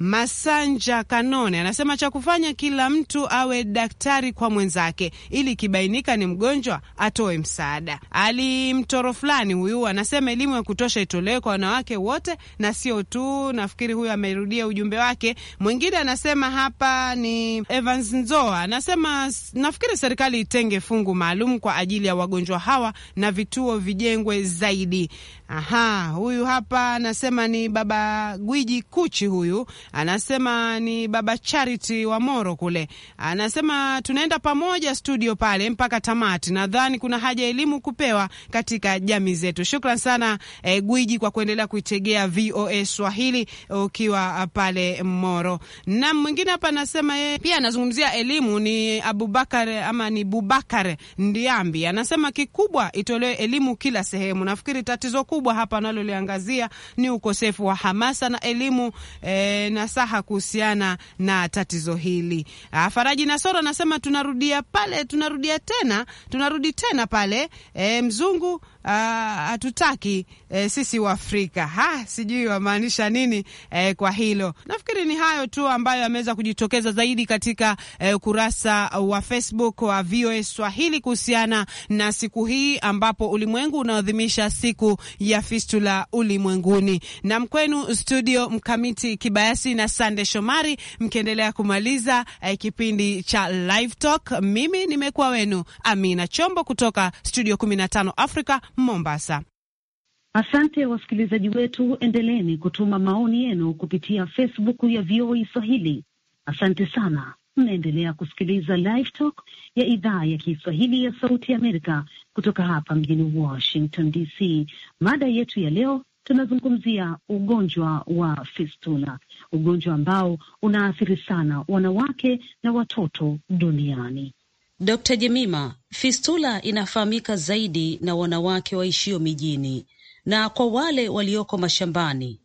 Masanja Kanone anasema cha kufanya kila mtu awe daktari kwa mwenzake, ili ikibainika ni mgonjwa atoe msaada. Ali mtoro fulani huyu anasema elimu ya kutosha itolewe kwa wanawake wote na sio tu, nafikiri huyu amerudia ujumbe wake. Mwingine anasema hapa ni Evans Nzoa, anasema nafikiri serikali itenge fungu maalum kwa ajili ya wagonjwa hawa na vituo vijengwe zaidi. Aha, huyu hapa anasema ni baba Gwiji Kuchi, huyu anasema ni baba Charity wa Moro kule, anasema tunaenda pamoja studio pale mpaka tamati. Nadhani kuna haja elimu kupewa katika jamii zetu. Shukran sana eh, Gwiji kwa kuendelea kuitegea VOA Swahili ukiwa eh, pale Moro. Na mwingine hapa anasema yeye pia anazungumzia elimu, ni Abubakar eh, ama ni Bubakar Ndiambi, anasema kikubwa itolewe elimu kila sehemu. Nafikiri tatizo kubwa kubwa hapa analoliangazia ni ukosefu wa hamasa na elimu e, eh, nasaha kuhusiana na tatizo hili. Ah, Faraji Nasoro anasema tunarudia pale, tunarudia tena, tunarudi tena pale e, mzungu ah, hatutaki e, sisi Waafrika. Ha, sijui wamaanisha nini e, kwa hilo. Nafikiri ni hayo tu ambayo ameweza kujitokeza zaidi katika e, ukurasa wa Facebook wa VOA Swahili kuhusiana na siku hii ambapo ulimwengu unaadhimisha siku ya ya fistula ulimwenguni. Na mkwenu studio mkamiti Kibayasi na Sande Shomari, mkiendelea kumaliza eh, kipindi cha Live Talk. Mimi nimekuwa wenu Amina Chombo kutoka studio 15 Africa Mombasa. Asante wasikilizaji wetu, endeleni kutuma maoni yenu kupitia Facebook ya VOA e Swahili. Asante sana. Mnaendelea kusikiliza Live Talk ya idhaa ya Kiswahili ya Sauti ya Amerika kutoka hapa mjini Washington DC. Mada yetu ya leo tunazungumzia ugonjwa wa fistula, ugonjwa ambao unaathiri sana wanawake na watoto duniani. d Jemima, fistula inafahamika zaidi na wanawake waishio mijini na kwa wale walioko mashambani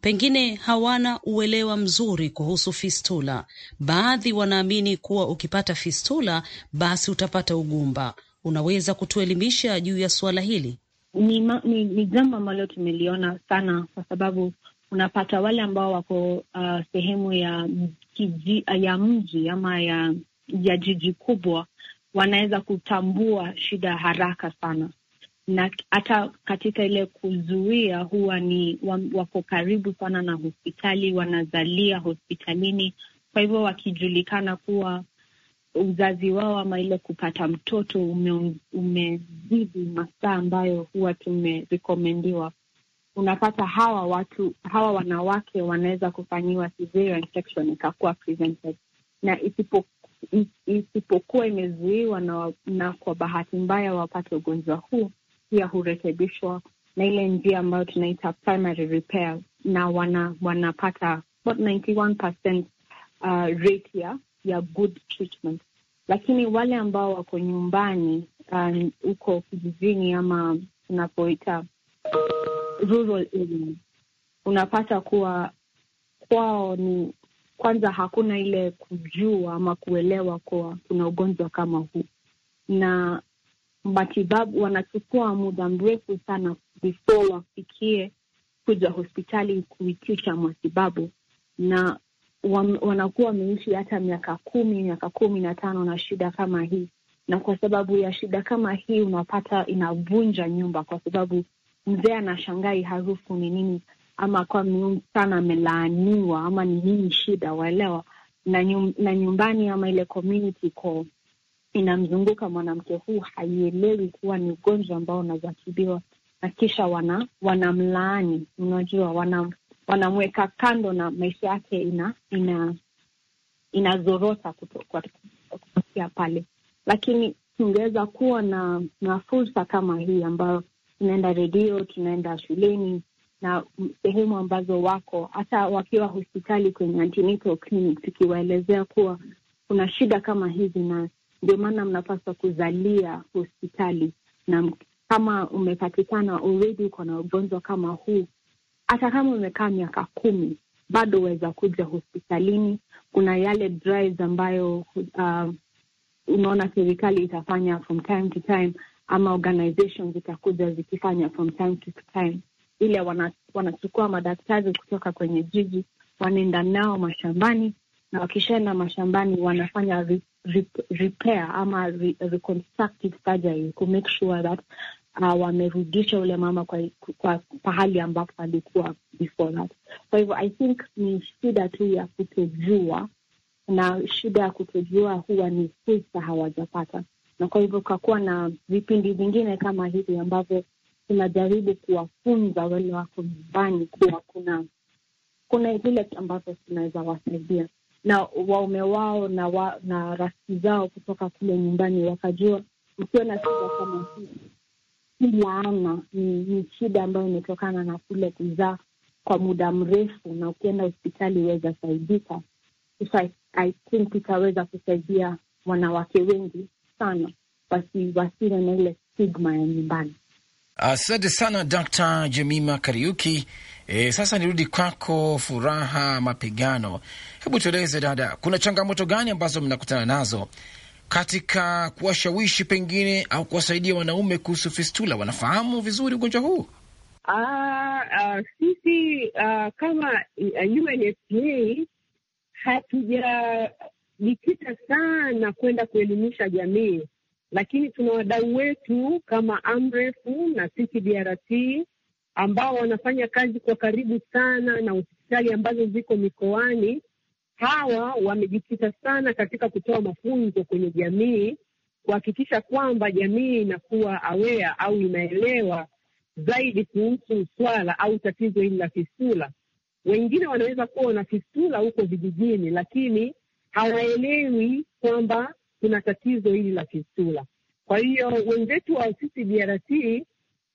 pengine hawana uelewa mzuri kuhusu fistula. Baadhi wanaamini kuwa ukipata fistula basi utapata ugumba. Unaweza kutuelimisha juu ya suala hili? Ni, ni, ni jambo ambalo tumeliona sana kwa sababu unapata wale ambao wako uh, sehemu ya kiji, ya mji ama ya, ya jiji kubwa wanaweza kutambua shida haraka sana, na hata katika ile kuzuia huwa ni wako karibu sana na hospitali, wanazalia hospitalini. Kwa hivyo wakijulikana kuwa uzazi wao ama ile kupata mtoto umezidi ume masaa ambayo huwa tumerekomendiwa, unapata hawa watu hawa wanawake wanaweza kufanyiwa ikakuwa prevented, na isipokuwa isipokuwa imezuiwa na, na kwa bahati mbaya wapate ugonjwa huu pia hurekebishwa na ile njia ambayo tunaita primary repair, na wana, wanapata about 91% uh, rate ya ya good treatment, lakini wale ambao wako nyumbani um, huko uh, kijijini ama tunapoita rural unapata kuwa kwao ni kwanza hakuna ile kujua ama kuelewa kuwa kuna ugonjwa kama huu, na matibabu wanachukua muda mrefu sana before wafikie kuja hospitali kuitisha matibabu, na wanakuwa wameishi hata miaka kumi, miaka kumi na tano na shida kama hii. Na kwa sababu ya shida kama hii, unapata inavunja nyumba, kwa sababu mzee anashangai harufu ni nini, ama kwa sana amelaaniwa ama ni nini shida, waelewa na, nyumbani ama ile community kwa inamzunguka mwanamke huu haielewi kuwa ni ugonjwa ambao unaweza tibiwa, na kisha wana wanamlaani, unajua wana, wanamweka kando na maisha yake ina ina inazorota kutokea pale, lakini tungeweza kuwa na na fursa kama hii ambayo tunaenda redio, tunaenda shuleni na sehemu ambazo wako hata wakiwa hospitali kwenye antenatal clinic, tukiwaelezea kuwa kuna shida kama hizi na ndio maana mnapaswa kuzalia hospitali, na kama umepatikana already uko na ugonjwa kama huu, hata kama umekaa miaka kumi bado waweza kuja hospitalini. Kuna yale drives ambayo uh, unaona serikali itafanya from time to time, ama organizations zitakuja zikifanya from time to time, ile wanachukua wana madaktari kutoka kwenye jiji, wanaenda nao mashambani, na wakishaenda mashambani wanafanya repair ama re reconstructive surgery ku make sure that uh, wamerudisha ule mama kwa, kwa pahali ambapo alikuwa before that. Kwa hivyo I think ni shida tu ya kutojua, na shida ya kutojua huwa ni fursa hawajapata, na kwa hivyo kakuwa na vipindi vingine kama hivi ambavyo tunajaribu kuwafunza wale wako nyumbani kuwa kuna kuna vile ambavyo tunaweza wasaidia na waume wao na wa, na rafiki zao kutoka kule nyumbani, wakajua ukiwa na shida kama hii si laana, ni, ni shida ambayo imetokana na kule kuzaa kwa muda mrefu, na ukienda hospitali huweza saidika. I think itaweza kusaidia wanawake wengi sana wasiwe na ile stigma ya nyumbani. Asante sana Dr. Jemima Kariuki E, sasa nirudi kwako Furaha Mapigano, hebu tueleze dada, kuna changamoto gani ambazo mnakutana nazo katika kuwashawishi pengine au kuwasaidia wanaume kuhusu fistula? Wanafahamu vizuri ugonjwa huu? Ah, ah, sisi ah, kama ah, UNFPA hatujajikita sana kwenda kuelimisha jamii, lakini tuna wadau wetu kama Amrefu na sisi DRC ambao wanafanya kazi kwa karibu sana na hospitali ambazo ziko mikoani. Hawa wamejikita sana katika kutoa mafunzo kwenye jamii, kuhakikisha kwamba jamii inakuwa aware au inaelewa zaidi kuhusu swala au tatizo hili la fistula. Wengine wanaweza kuwa na fistula huko vijijini, lakini hawaelewi kwamba kuna tatizo hili la fistula. Kwa hiyo wenzetu wa sisi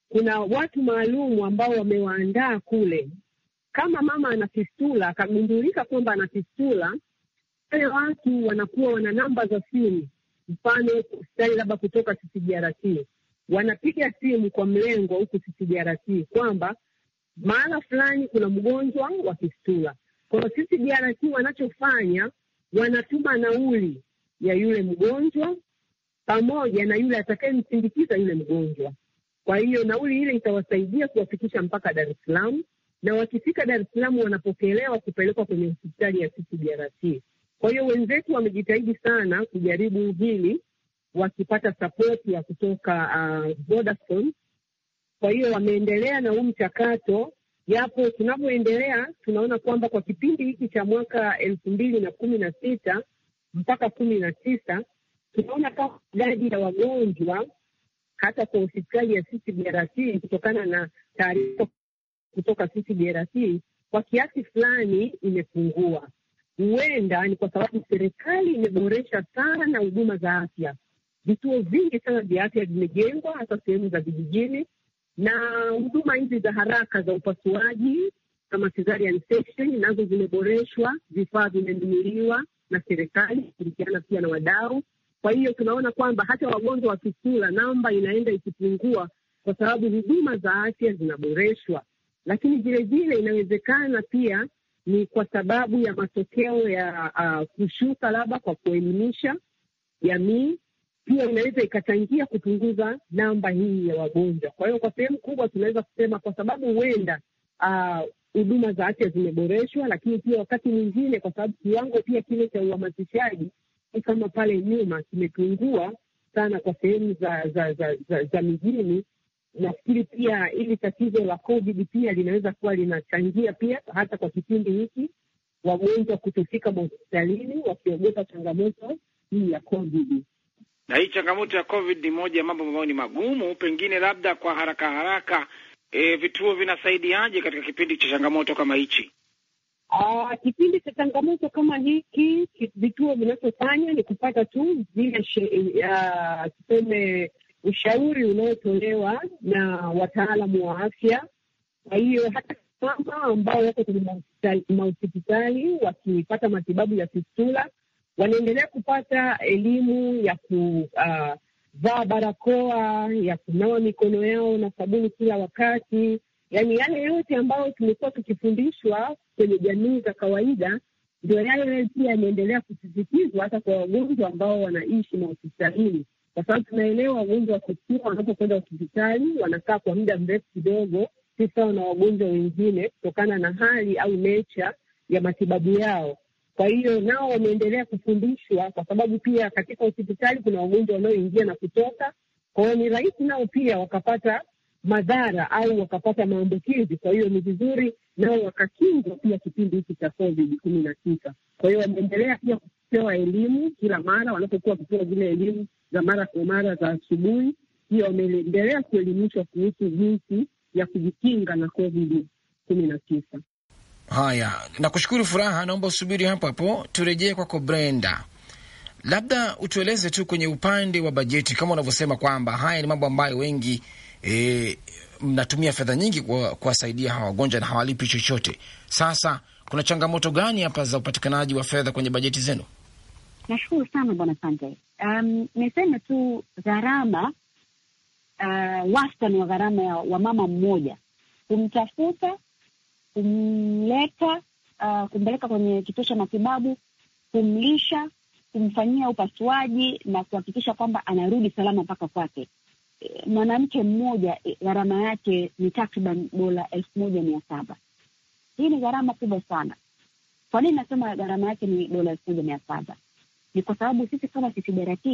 kuna watu maalum ambao wamewaandaa kule. Kama mama ana fistula akagundulika kwamba ana fistula, wale watu wanakuwa wana namba za simu, mfano hospitali labda kutoka CCBRT wanapiga simu kwa mlengwa huku CCBRT kwamba mahala fulani kuna mgonjwa wa fistula. Kwa hiyo CCBRT wanachofanya wanatuma nauli ya yule mgonjwa pamoja na yule atakayemsindikiza yule mgonjwa. Kwa hiyo nauli ile itawasaidia kuwafikisha mpaka Dar es Salaam, na wakifika Dar es Salaam wanapokelewa kupelekwa kwenye hospitali ya CCBRT. Kwa hiyo wenzetu wamejitahidi sana kujaribu hili, wakipata sapoti ya kutoka uh, Vodafone. Kwa hiyo wameendelea na huu mchakato, yapo tunavyoendelea tunaona kwamba kwa kipindi hiki cha mwaka elfu mbili na kumi na sita mpaka kumi na tisa tunaona kama idadi ya wagonjwa hata kwa hospitali ya DRC, kutokana na taarifa kutoka DRC, kwa kiasi fulani imepungua. Huenda ni kwa sababu serikali imeboresha sana huduma za afya. Vituo vingi sana vya afya vimejengwa hasa sehemu za vijijini, na huduma hizi za haraka za upasuaji kama cesarean section nazo zimeboreshwa, vifaa vimenunuliwa na serikali kushirikiana pia na wadau kwa hiyo tunaona kwamba hata wagonjwa wa namba inaenda ikipungua, kwa sababu huduma za afya zinaboreshwa. Lakini vilevile inawezekana pia ni kwa sababu ya matokeo ya uh, kushuka labda kwa kuelimisha jamii, pia inaweza ikachangia kupunguza namba hii ya wagonjwa. Kwa hiyo kwa sehemu kubwa tunaweza kusema kwa sababu huenda huduma uh, za afya zimeboreshwa, lakini pia wakati mwingine kwa sababu kiwango pia kile cha uhamasishaji kama pale nyuma kimepungua sana kwa sehemu za za, za, za, za mijini. Nafikiri pia hili tatizo la COVID pia linaweza kuwa linachangia pia, hata kwa kipindi hiki wagonjwa kutofika mahospitalini wakiogopa changamoto hii ya COVID. Na hii changamoto ya COVID ni moja ya mambo ambayo ni magumu, pengine labda kwa haraka haraka, e, vituo vinasaidiaje katika kipindi cha changamoto kama hichi? Uh, kipindi cha changamoto kama hiki vituo vinachofanya ni kupata tu zile tuseme, ushauri unaotolewa na wataalamu wa afya. Kwa hiyo hata mama ambao wako kwenye mahospitali wakipata matibabu ya fistula wanaendelea kupata elimu ya kuvaa ah, uh, barakoa, ya kunawa mikono yao na sabuni kila wakati yani yale yote ambayo tumekuwa tukifundishwa kwenye jamii za kawaida ndio yale pia yameendelea kusisitizwa hata kwa wagonjwa ambao wanaishi mahospitalini, kwa sababu tunaelewa wagonjwa wa kusikia wanapokwenda hospitali wanakaa kwa muda mrefu kidogo, si sawa na wagonjwa wengine, kutokana na hali au nature ya matibabu yao. Kwa hiyo nao wameendelea kufundishwa, kwa sababu pia katika hospitali kuna wagonjwa wanaoingia na kutoka. Kwa hiyo ni rahisi nao pia wakapata madhara au wakapata maambukizi. Kwa hiyo ni vizuri nao wakakingwa pia kipindi hiki cha COVID kumi na tisa. Kwa hiyo wameendelea pia kupewa elimu kila mara wanapokuwa wakipewa zile elimu za mara kwa mara za asubuhi, pia wameendelea kuelimishwa kuhusu jinsi ya kujikinga na COVID kumi na tisa. Haya, nakushukuru Furaha. Naomba usubiri hapo hapo, turejee kwako Brenda. Labda utueleze tu kwenye upande wa bajeti, kama unavyosema kwamba haya ni mambo ambayo wengi e, mnatumia fedha nyingi kuwasaidia hawa wagonjwa na hawalipi chochote. Sasa kuna changamoto gani hapa za upatikanaji wa fedha kwenye bajeti zenu? Nashukuru sana bwana Sanjay. Um, niseme tu gharama uh, wastani wa gharama wa mama mmoja kumtafuta, kumleta, uh, kumpeleka kwenye kituo cha matibabu, kumlisha, kumfanyia upasuaji na kuhakikisha kwamba anarudi salama mpaka kwake mwanamke mmoja e, gharama yake ni takriban dola elfu moja mia saba. Hii ni gharama kubwa sana. Kwa nini nasema gharama yake ni dola elfu moja mia saba? Ni kwa sababu sisi kama CCBRT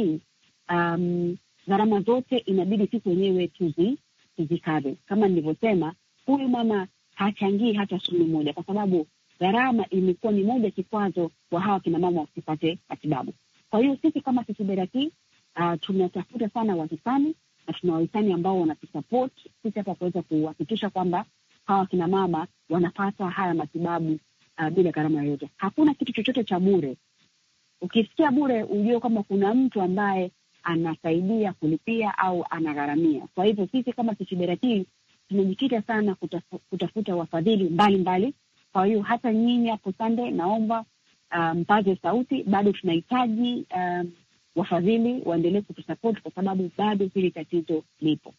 um, gharama zote inabidi sisi wenyewe tuzi tuzikave. Kama nilivyosema, huyu mama hachangii hata shilingi moja, kwa sababu gharama imekuwa ni moja kikwazo wa hawa kinamama wasipate matibabu. Kwa hiyo sisi kama CCBRT uh, tunatafuta sana wahisani na tuna wahisani ambao wanatusupport sisi hapa kuweza kuhakikisha kwamba hawa kina mama wanapata haya matibabu uh, bila gharama yoyote. Hakuna kitu chochote cha bure. Ukisikia bure, ujue kwamba kuna mtu ambaye anasaidia kulipia au anagharamia. Kwa hivyo sisi kama Kichiberati tumejikita sana kutafuta wafadhili mbalimbali. Kwa hiyo hata nyinyi hapo Sande, naomba uh, mpaze um, sauti, bado tunahitaji um, wafadhili waendelee kutusapoti kwa sababu bado hili tatizo lipo.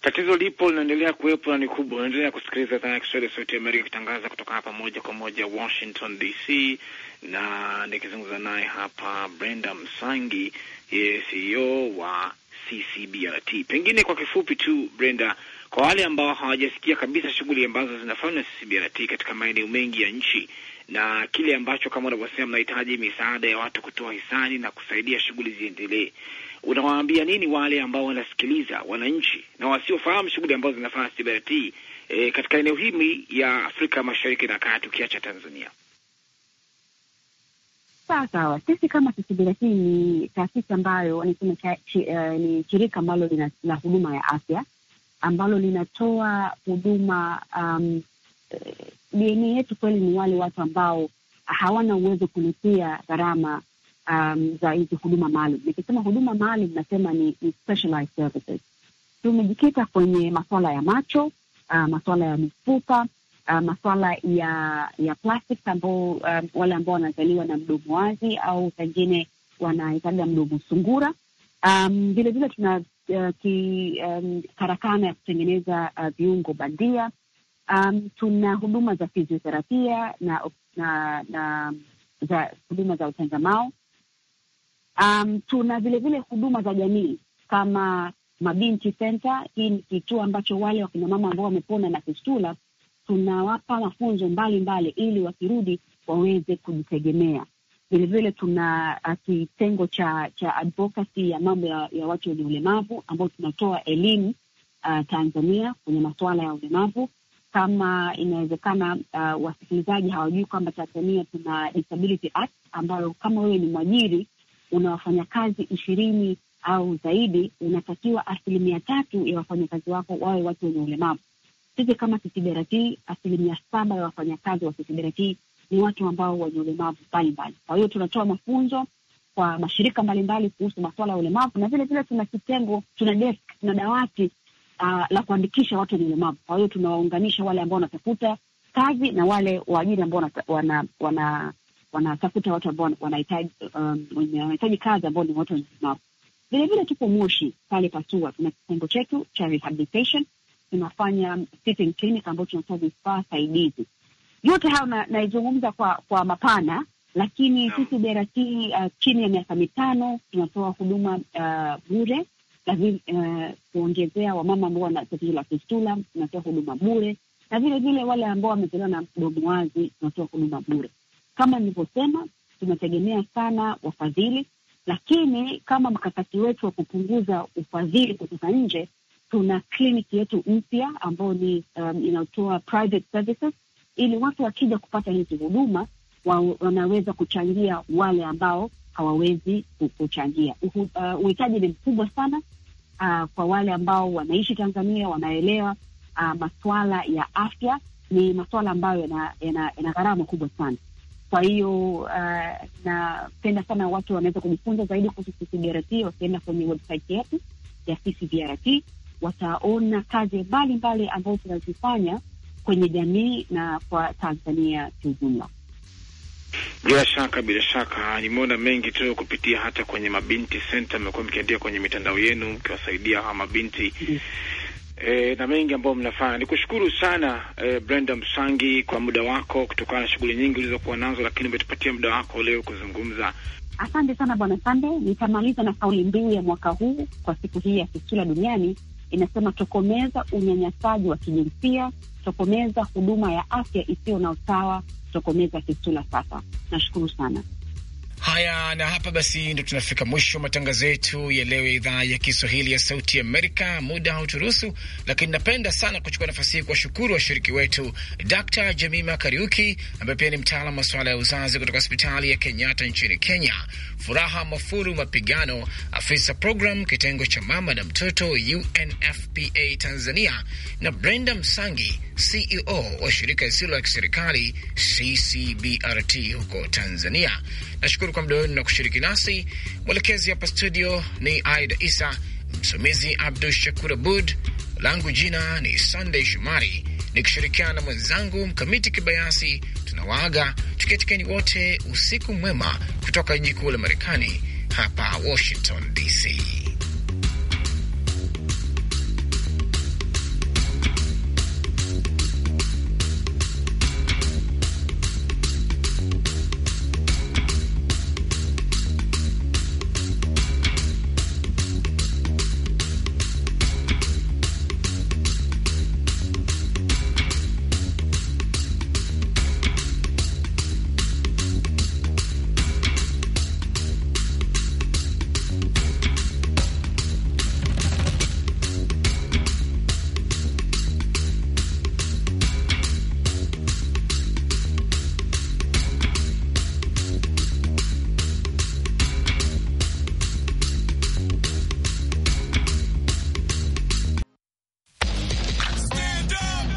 Tatizo lipo linaendelea kuwepo na ni kubwa. Unaendelea kusikiliza idhaa ya Kiswahili ya Sauti ya Amerika ikitangaza kutoka hapa moja kwa moja Washington DC, na nikizungumza naye hapa Brenda Msangi, yeye CEO wa CCBRT. Pengine kwa kifupi tu, Brenda, kwa wale ambao hawajasikia kabisa shughuli ambazo zinafanywa CCBRT katika maeneo mengi ya nchi, na kile ambacho kama unavyosema mnahitaji misaada ya watu kutoa hisani na kusaidia shughuli ziendelee. Unawaambia nini wale ambao wanasikiliza, wananchi na wasiofahamu shughuli ambazo zinafanya CBRT e, katika eneo hili ya Afrika Mashariki na Kati ukiacha Tanzania? Sawa sawa, sisi kama CBRT ni taasisi ambayo nisema eh, ni shirika ambalo la huduma ya afya ambalo linatoa huduma um, Eh, DNA yetu kweli ni wale watu ambao hawana uwezo kulipia gharama um, za hizi huduma maalum. Nikisema huduma maalum, nasema ni, ni specialized services. Tumejikita kwenye masuala ya macho, uh, masuala ya mifupa Uh, maswala ya ya plastic ambao um, wale ambao wanazaliwa na mdomo wazi au pengine wanaitaga mdomo sungura. Vilevile um, tuna uh, ki, um, karakana ya kutengeneza uh, viungo bandia Um, tuna huduma za fizioterapia na, na, na za huduma za utangamao. Um, tuna vilevile huduma za jamii kama Mabinti Center. Hii ni kituo ambacho wale wakinamama ambao wamepona na fistula tunawapa mafunzo mbalimbali ili wakirudi waweze kujitegemea. Vilevile tuna uh, kitengo cha cha advocacy ya mambo ya, ya watu wenye ulemavu ambao tunatoa elimu uh, Tanzania kwenye masuala ya ulemavu kama inawezekana uh, wasikilizaji hawajui kwamba Tanzania tuna Disability Act ambayo kama wewe ni mwajiri una wafanyakazi ishirini au zaidi, unatakiwa asilimia tatu ya wafanyakazi wako wawe watu wenye ulemavu. Sisi kama CCBRT asilimia saba ya wafanyakazi wa CCBRT ni watu ambao wenye ulemavu mbalimbali. Kwa hiyo tunatoa mafunzo kwa mashirika mbalimbali kuhusu masuala ya ulemavu, na vile vile tuna kitengo, tuna desk, tuna dawati uh, la kuandikisha watu wenye ulemavu. Kwa hiyo tunawaunganisha wale ambao wanatafuta kazi na wale waajiri ambao wanatafuta wana, wana, watu ambao wanahitaji um, kazi ambao ni watu wenye ulemavu. Vilevile tuko Moshi pale Pasua, tuna kitengo chetu cha rehabilitation, tunafanya sitting clinic tunatoa vifaa saidizi. Yote hayo naizungumza na kwa kwa mapana, lakini sisi DRC uh, chini ya miaka mitano tunatoa huduma uh, bure Eh, kuongezea wamama ambao wana tatizo la fistula unatoa huduma bure, na vile vile wale ambao wametolewa na mdomo wazi unatoa huduma bure. Kama nilivyosema, tunategemea sana wafadhili, lakini kama mkakati wetu wa kupunguza ufadhili kutoka nje, tuna kliniki yetu mpya ambayo ni um, inatoa private services ili watu wakija kupata hizi huduma wa, wanaweza kuchangia wale ambao hawawezi kuchangia. Uh, uhitaji uh, ni mkubwa sana uh, kwa wale ambao wanaishi Tanzania wanaelewa uh, ah, masuala ya afya ni masuala ambayo yana, yana, yana gharama kubwa sana. Kwa hiyo uh, napenda sana watu wanaweza kujifunza zaidi kuhusu CCBRT, wakienda kwenye website yetu ya CCBRT wataona kazi mbalimbali ambazo tunazifanya kwenye jamii na kwa Tanzania kiujumla. Bila shaka, bila shaka nimeona mengi tu kupitia hata kwenye mabinti center, mmekuwa mkiandika kwenye mitandao yenu mkiwasaidia hawa mabinti mm. E, na mengi ambayo mnafanya. Nikushukuru sana e, Brenda Msangi kwa muda wako, kutokana na shughuli nyingi ulizokuwa nazo, lakini umetupatia muda wako leo kuzungumza. Asante sana Bwana Sande. Nitamaliza na kauli mbiu ya mwaka huu kwa siku hii ya kiskila duniani inasema tokomeza unyanyasaji wa kijinsia, tokomeza huduma ya afya isiyo na usawa, tokomeza kisula Sasa nashukuru sana. Haya, na hapa basi ndo tunafika mwisho wa matangazo yetu ya leo ya idhaa ya Kiswahili ya Sauti Amerika. Muda hauturuhusu, lakini napenda sana kuchukua nafasi hii kuwashukuru washiriki wetu, Dr Jemima Kariuki ambaye pia ni wa masuala ya uzazi kutoka hospitali ya Kenyatta nchini Kenya, Furaha Mafuru Mapigano, afisa program kitengo cha mama na mtoto UNFPA Tanzania, na Brenda Msangi, CEO wa shirika lisilo la kiserikali CCBRT huko Tanzania. Nashukuru kushukuru kwa muda wenu na kushiriki nasi. Mwelekezi hapa studio ni Aida Isa, msimamizi Abdu Shakur Abud, langu jina ni Sunday Shomari nikishirikiana na mwenzangu Mkamiti Kibayasi. Tunawaaga tukiatikeni wote usiku mwema kutoka jiji kuu la Marekani hapa Washington DC.